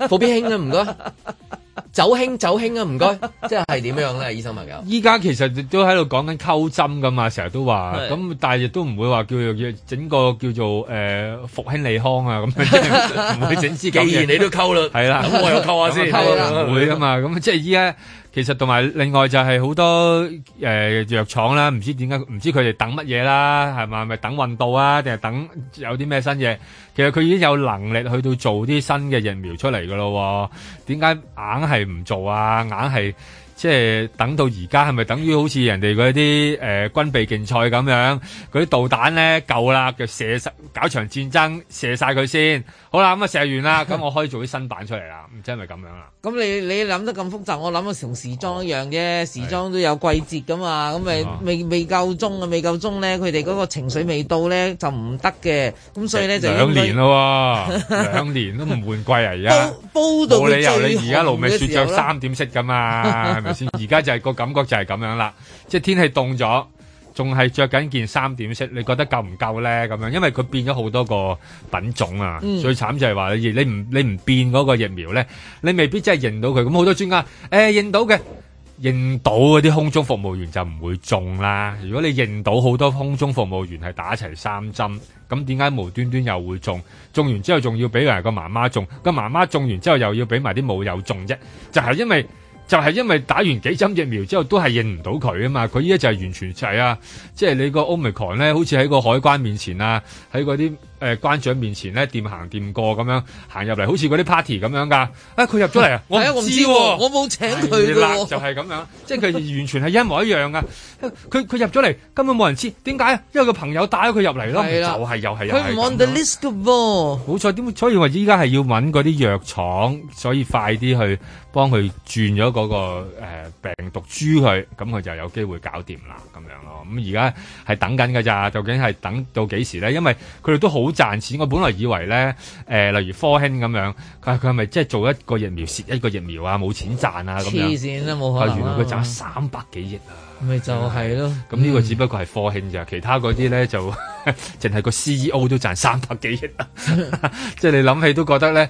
科比兄啊！唔該。走興走興啊！唔該，即係點樣咧？醫生朋友，依家其實都喺度講緊溝針噶嘛，成日都話咁，但係亦都唔會話叫要整個叫做誒復、呃、興利康啊咁，唔 [LAUGHS] 會整支。既然你都溝啦，係 [LAUGHS] 啦，咁我又溝下我先溝下，會啊嘛，咁即係依家。其實同埋另外就係好多誒藥廠啦，唔知點解唔知佢哋等乜嘢啦，係咪係咪等運到啊，定係等有啲咩新嘢？其實佢已經有能力去到做啲新嘅疫苗出嚟噶咯，點解硬係唔做啊？硬係？即係等到而家係咪等於好似人哋嗰啲誒軍備競賽咁樣，嗰啲導彈咧夠啦，就射搞場戰爭，射晒佢先。好啦，咁、嗯、啊射完啦，咁 [LAUGHS] 我可以做啲新版出嚟啦。唔知係咪咁樣啦。咁你你諗得咁複雜，我諗啊，同時裝一樣啫、哦。時裝都有季節噶嘛，咁咪未未夠鐘啊，未夠鐘咧，佢哋嗰個情緒未到咧，就唔得嘅。咁所以咧就兩年咯喎，兩年、啊、 [LAUGHS] 都唔換季啊，而家冇理由你而家路咪雪著三點式噶嘛。 [LAUGHS] 是而 [LAUGHS] 家就係、是、個感覺就係咁樣啦，即係天氣凍咗，仲係着緊件三點式？你覺得夠唔夠咧？咁樣，因為佢變咗好多個品種啊、嗯！最慘就係、是、話，你唔你唔變嗰個疫苗咧，你未必真係認到佢。咁好多專家誒認到嘅，認到嗰啲空中服務員就唔會中啦。如果你認到好多空中服務員係打齊三針，咁點解無端端又會中？中完之後仲要俾埋個媽媽中，個媽媽中完之後又要俾埋啲母親中啫，就係、是、因為。就係、是、因為打完幾針疫苗之後都係認唔到佢啊嘛，佢依家就係完全就係啊，即係你個 Omicron 呢，好似喺個海關面前啊，喺嗰啲。誒、呃，關長面前咧，掂行掂過咁樣行入嚟，好似嗰啲 party 咁樣㗎。啊，佢入咗嚟，我啊，我知、啊啊、我冇、啊、請佢㗎、啊。完、啊、就係、是、咁樣， [LAUGHS] 即係佢完全係一模一樣㗎。佢佢入咗嚟，根本冇人知點解，因為個朋友帶咗佢入嚟咯。係啦，就係、是、又係又佢唔 the list 喎。冇錯，點所以者依家係要搵嗰啲藥廠，所以快啲去幫佢轉咗嗰個病毒豬去。咁佢就有機會搞掂啦咁樣咯。咁、嗯、而家係等緊㗎咋？究竟係等到幾時咧？因為佢哋都好。好賺錢，我本來以為咧，誒、呃，例如科興咁樣，佢佢係咪即係做一個疫苗蝕一個疫苗啊，冇錢賺啊咁樣。黐線都，冇可能。啊，原來佢賺三百幾億啊！咪就係咯。咁、嗯、呢、嗯、個只不過係科興咋，其他嗰啲咧就淨係、嗯、 [LAUGHS] 個 CEO 都賺三百幾億啊！即 [LAUGHS] 係 [LAUGHS] 你諗起都覺得咧。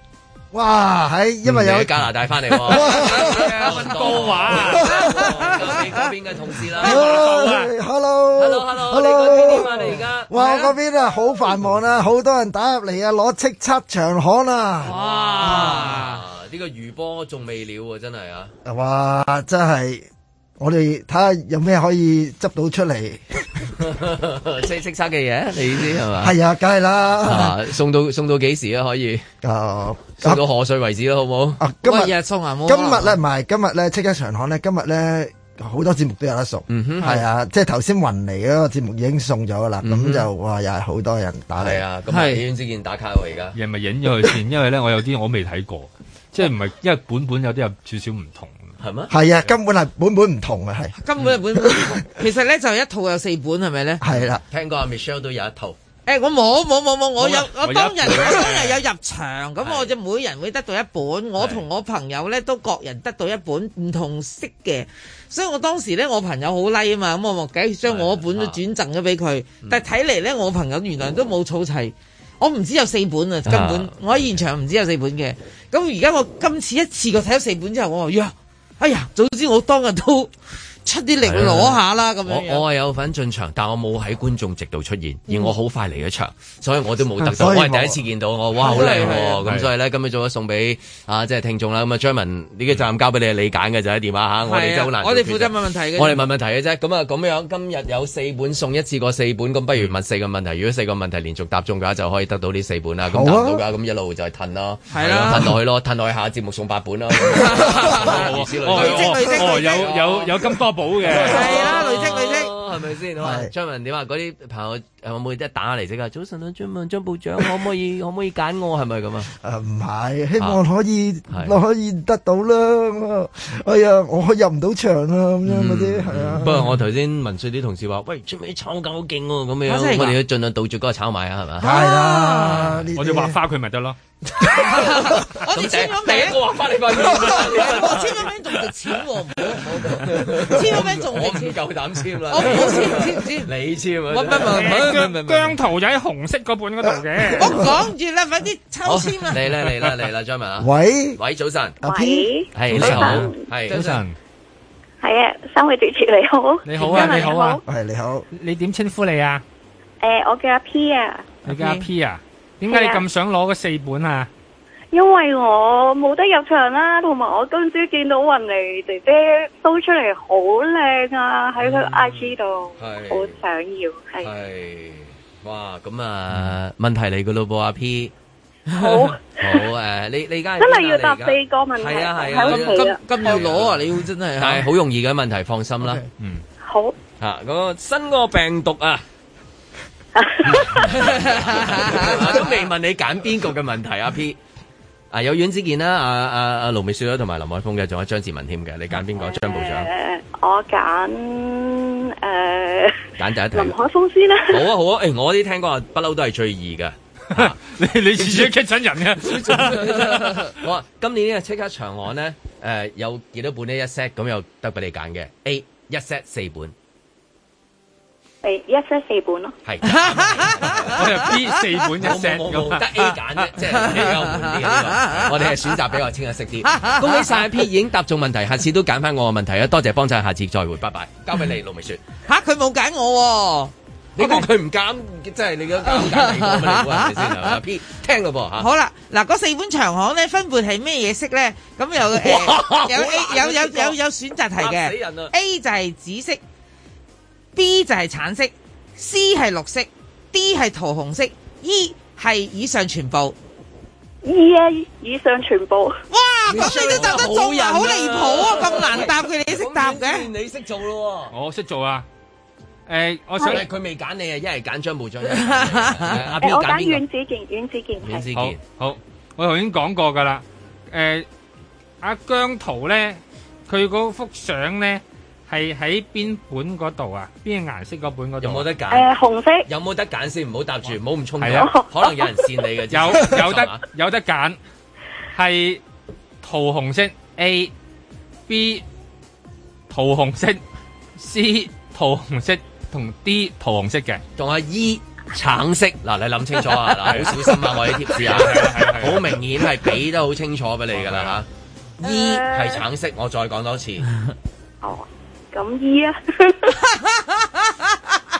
哇！喺因為有、嗯、加拿大翻嚟、哦，多話、啊啊啊啊啊啊、你嗰邊嘅同事啦。Hello，hello，hello，hello，你而家哇，我嗰邊啊，好繁忙啊，好多人打入嚟啊，攞叱咤長巷啊！哇！呢、呢個餘波仲未了喎、啊，真係啊！哇！真係。我哋睇下有咩可以執到出嚟，即係識生嘅嘢，你知係嘛？係 [LAUGHS] 啊，梗係啦。送到送到幾時啊？可以、啊、送到賀歲為止啦，好唔好？啊、今日、啊、今日咧，唔係今日咧，即刻場刊，咧，今日咧好多節目都有得送。嗯係啊，啊，啊，即係頭先云嚟嗰個節目已經送咗啦。咁、嗯、就哇，又係好多人打嚟。嗯、啊，咁啊，李遠志健打卡喎、啊，而家。又咪影咗佢先？ [LAUGHS] 因為咧，我有啲我未睇過， [LAUGHS] 即係唔係，因為本本有啲有少少唔同。係咩？係啊，根本係本本唔同啊，係、嗯、根本係本本唔同。 [LAUGHS] 其實咧就一套有四本，係咪咧？係啦，聽講阿 Michelle 都有一套。誒、欸，我冇冇冇冇，我有我當日我當日, [LAUGHS] 我當日有入場，咁我就每人會得到一本，我同我朋友咧都各人得到一本唔同色嘅。所以我當時咧我朋友好 like 啊嘛，咁我冇計將我本都轉贈咗俾佢。但係睇嚟咧我朋友原來都冇儲齊，我唔知有四本啊，根本、啊、我喺現場唔知有四本嘅。咁而家我今次一次過睇咗四本之後，我話哎呀，早知我當日都。出啲力攞下啦，咁、啊啊、樣。我我係有份進場，但我冇喺觀眾席度出現，嗯、而我好快嚟咗場，所以我都冇得到。我係第一次見到我，啊、哇，好靚喎！咁、啊嗯啊啊啊、所以咧，今日做咗送俾啊，即係聽眾啦。咁啊張文呢個責任交俾你，你揀嘅就係電話嚇。我哋周難，我哋負責問問題嘅。我哋問問題嘅啫。咁啊，咁樣今日有四本送一次過四本咁，不如問四個問，如四個問題。如果四個問題連續答中嘅話，就可以得到呢四本啦。咁、啊、答唔到嘅，咁一路就係褪咯，褪落、啊啊、去咯，褪落去下節目送八本咯。 [LAUGHS] 類類哦，有有有咁多。保、嗯、嘅，係啦，累積累積，係咪先？好，張文點啊？嗰啲朋友。誒，我每打下嚟啫。早晨啊，張張部長可唔可以可唔可以揀我？係咪咁啊？唔係，希望可以、啊、可以得到啦。哎呀，我入唔到場啊咁樣嗰啲，係、嗯、啊。不過我頭先聞說啲同事話，喂，最尾炒金好勁喎，咁、啊樣，啊就是、樣。我哋要盡量杜絕嗰個炒賣啊，係咪？係、啊、啦。我哋畫花佢咪得咯。我哋簽咗名， [LAUGHS] 我畫花你塊面。我簽咗名仲要簽喎，簽咗名仲我唔夠膽簽啦。我唔簽，唔 [LAUGHS] 簽 [LAUGHS] 簽了，唔你簽我搵姜濤就喺紅色嗰本嗰度嘅，我講住、啊啊啊、啦，快啲抽簽啦，嚟啦嚟啦嚟啦，張文啊，啊，喂喂早晨，阿 P，係你好，係早晨，係啊，三位主持你好，你好啊你好啊，係你好，你點稱呼你啊？誒、呃，我叫阿 P 啊，你叫阿 P 啊？點解你咁想攞嗰四本啊？因為我冇得入場啦，同埋我今朝見到雲尼姐姐都出嚟好靚啊，喺佢 I G 度，好想要係。係哇，咁啊，問題嚟噶咯，噃阿 P。好，好誒，你你而家真係要答四個問題，係啊係啊，今今咁要攞啊，你要真係係好容易嘅問題，放心啦，嗯。好。啊，嗰個新嗰個病毒啊，都未問你揀邊個嘅問題，阿 P。啊有遠之見啦、啊，阿阿阿盧美雪啊同埋林海峰嘅，仲有張志文添嘅，你揀邊個？張、呃、部長，我揀誒，揀、呃、第一，林海峰先啦。好啊好啊，誒、欸、我啲聽歌不嬲都係最易噶 [LAUGHS] 、啊，你你似咗激親人嘅、啊。好 [LAUGHS] 啊，今年呢個即刻長案咧，誒、啊、有幾多本呢？一 set 咁又得俾你揀嘅，A 一 set 四本。A 一 set 四本咯，係我哋 P 四本就，有 A 我得 A 揀即係比較難啲我哋係選擇比較清嘅 s 啲，恭 [LAUGHS] 喜晒完，P [LAUGHS] 已經答中問題，下次都揀翻我嘅問題啊！多謝幫襯，下次再會，拜拜。交俾你盧覓雪，吓佢冇揀我、啊，你講佢唔揀，即係你而揀揀揀嘅嘛？你話其 p 聽嘅噃吓，好、okay. 啦，嗱嗰四本長行咧，分別係咩嘢色咧？咁有有 A 有有有有選擇題嘅 A 就係紫色。B 就係橙色，C 係綠色，D 係桃紅色，E 係以上全部。E 啊，以上全部。哇，咁你都得答得做人好離譜啊，咁難答佢你識答嘅？你識做咯？我識做啊。誒、欸，我想咧，佢未揀你，張你啊，一係揀張步章，阿邊我揀阮子健，阮子健。阮子健，好，我頭先講過噶啦。誒、欸，阿姜濤咧，佢嗰幅相咧。係喺邊個本嗰度啊？邊個顏色嗰本嗰度，啊？有冇得揀？誒、呃，紅色。有冇得揀先？唔好搭住，唔好咁衝動。係啊，可能有人跣你嘅 [LAUGHS] 有有得有得揀，係桃紅色 A、B、桃紅色 C、桃紅色同 D 桃紅色嘅。同阿 E 橙色。嗱，你諗清楚啊，好 [LAUGHS] 小心啊，我啲貼士啊，好，啊啊啊，明顯係俾得好清楚俾你噶啦吓。E 係，啊啊，橙色，我再講多次。 [LAUGHS] 咁二啊！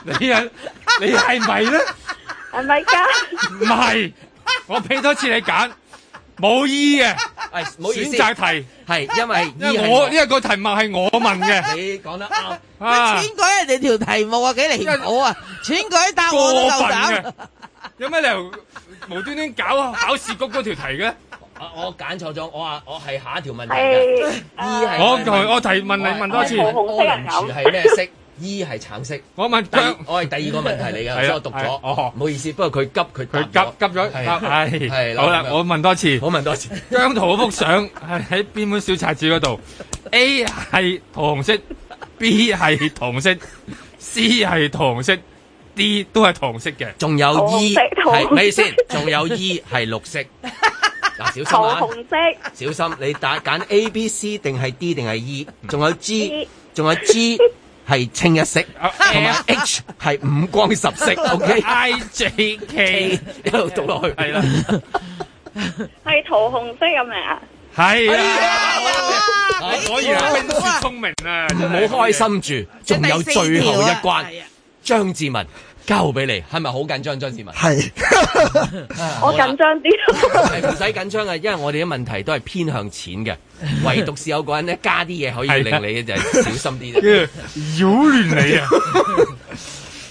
你係你係咪咧？係咪噶？唔係，我俾多次你揀，冇二嘅。係，冇意思。選擇題係因為我呢一個題目係我問嘅。你講得啱啊！篡改人哋條題目啊，幾離譜啊！篡改答案都夠膽。有咩理由無端端搞考試局嗰條題嘅？我揀錯咗，我話我係下一條問題嘅 e 係我我，我提問你問多次，係咩、啊、色？E 係橙色。我問姜，我係第二個問題嚟嘅， [LAUGHS] 所以我讀咗，哦，唔好意思，不過佢急，佢佢急急咗，係、哎、係、哎、好啦，我問多次，我問多次。姜濤嗰幅相係喺邊本小冊子嗰度？A 係桃紅色，B 係桃紅色，C 係桃紅色，D 都係桃色嘅，仲有 E，係咩先？仲有 E，係綠色。桃、啊啊、紅色。小心，你打揀 A、B、C 定係 D 定係 E，仲有 G，仲有 G 係清一色，同 [LAUGHS] 埋 H 係五光十色。 [LAUGHS] o、okay? K，I、J、K 一路讀落去，係啦、啊，係 [LAUGHS] 桃紅色咁、啊 [LAUGHS] [LAUGHS] 是啊 [LAUGHS] 啊啊啊、明啊，係啊，可以啊，冰雪聰明啊，唔好開心住，仲有最後一關，張、啊、志文。交俾你，係咪好緊張，張志文？係，我緊張啲。唔使緊張呀，因為我哋嘅問題都係偏向錢嘅，唯獨是有個人咧加啲嘢，可以令你就小心啲啫。擾亂你啊！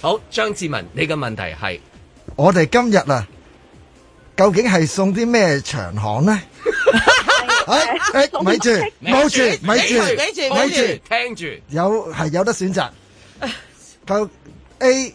好，張志文，你嘅問題係我哋今日啊，究竟係送啲咩長項咧？哎哎，咪住，咪住，咪住，咪住，聽住，有係有得選擇。就 A。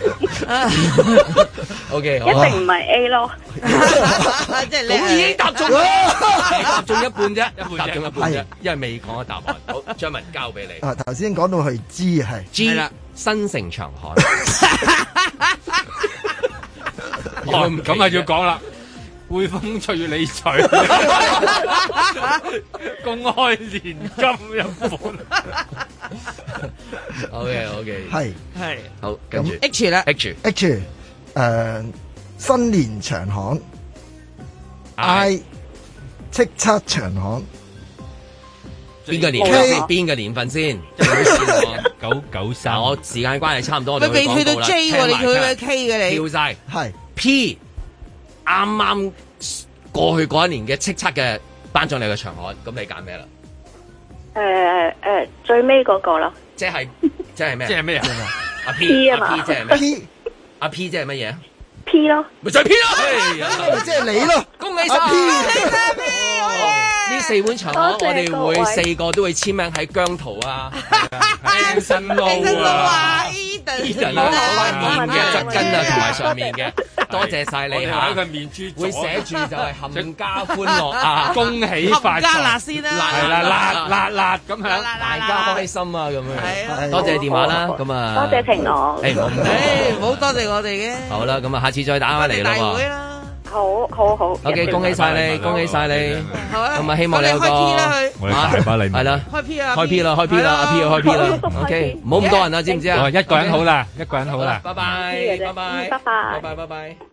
[LAUGHS] o、okay, K，一定唔係 A 咯， [LAUGHS] [LAUGHS] 即係你已經答中咯， [LAUGHS] [LAUGHS] 答中一半啫，一半啫，因為未講嘅答案，好將文交俾你。頭先講到係 G 係，g 啦，新城長海， [LAUGHS] [LAUGHS] 我唔咁啊要講啦。會風隨你隨，公開年金一本。OK OK，係係好。跟住 H 啦？H H 誒，新年長行 I，預測長行。邊個年？邊個年份先？九九三。我時間關係差唔多，咪未退到 J，你退到 K 嘅你。跳晒係 P。啱啱過去嗰一年嘅叱咤嘅頒獎禮嘅場合，咁你揀咩啦？誒誒，最尾嗰個啦，即係即係咩？即係咩啊？ [LAUGHS] 阿 P 啊嘛，即係 P，阿 P 即係乜嘢？P 咯，咪就係 P 咯，即係、就是、你咯，恭喜晒！呢四碗菜我哋會四個都會簽名喺姜濤啊，Eden，Eden，面嘅真真啊同埋上面嘅，多謝晒你，會寫住就係冚家歡樂啊，恭喜發財先啦，係啦，辣辣辣咁樣，大家開心啊咁樣，多謝電話啦，咁啊，多謝評論，誒唔好多謝我哋嘅，好啦，咁啊下次再打返嚟咯喎。好，好好。OK，恭喜晒你，恭喜晒你。係啊，咁咪希望你開 P 啦，係。拜拜，係啦。開 P 啊，開 P 啦，開 P 啦，阿 P 要開 P 啦。OK，唔好咁多人啦，知唔知啊？哦，一個人好啦，一個人好啦。拜拜，拜拜，拜拜，拜拜，拜拜。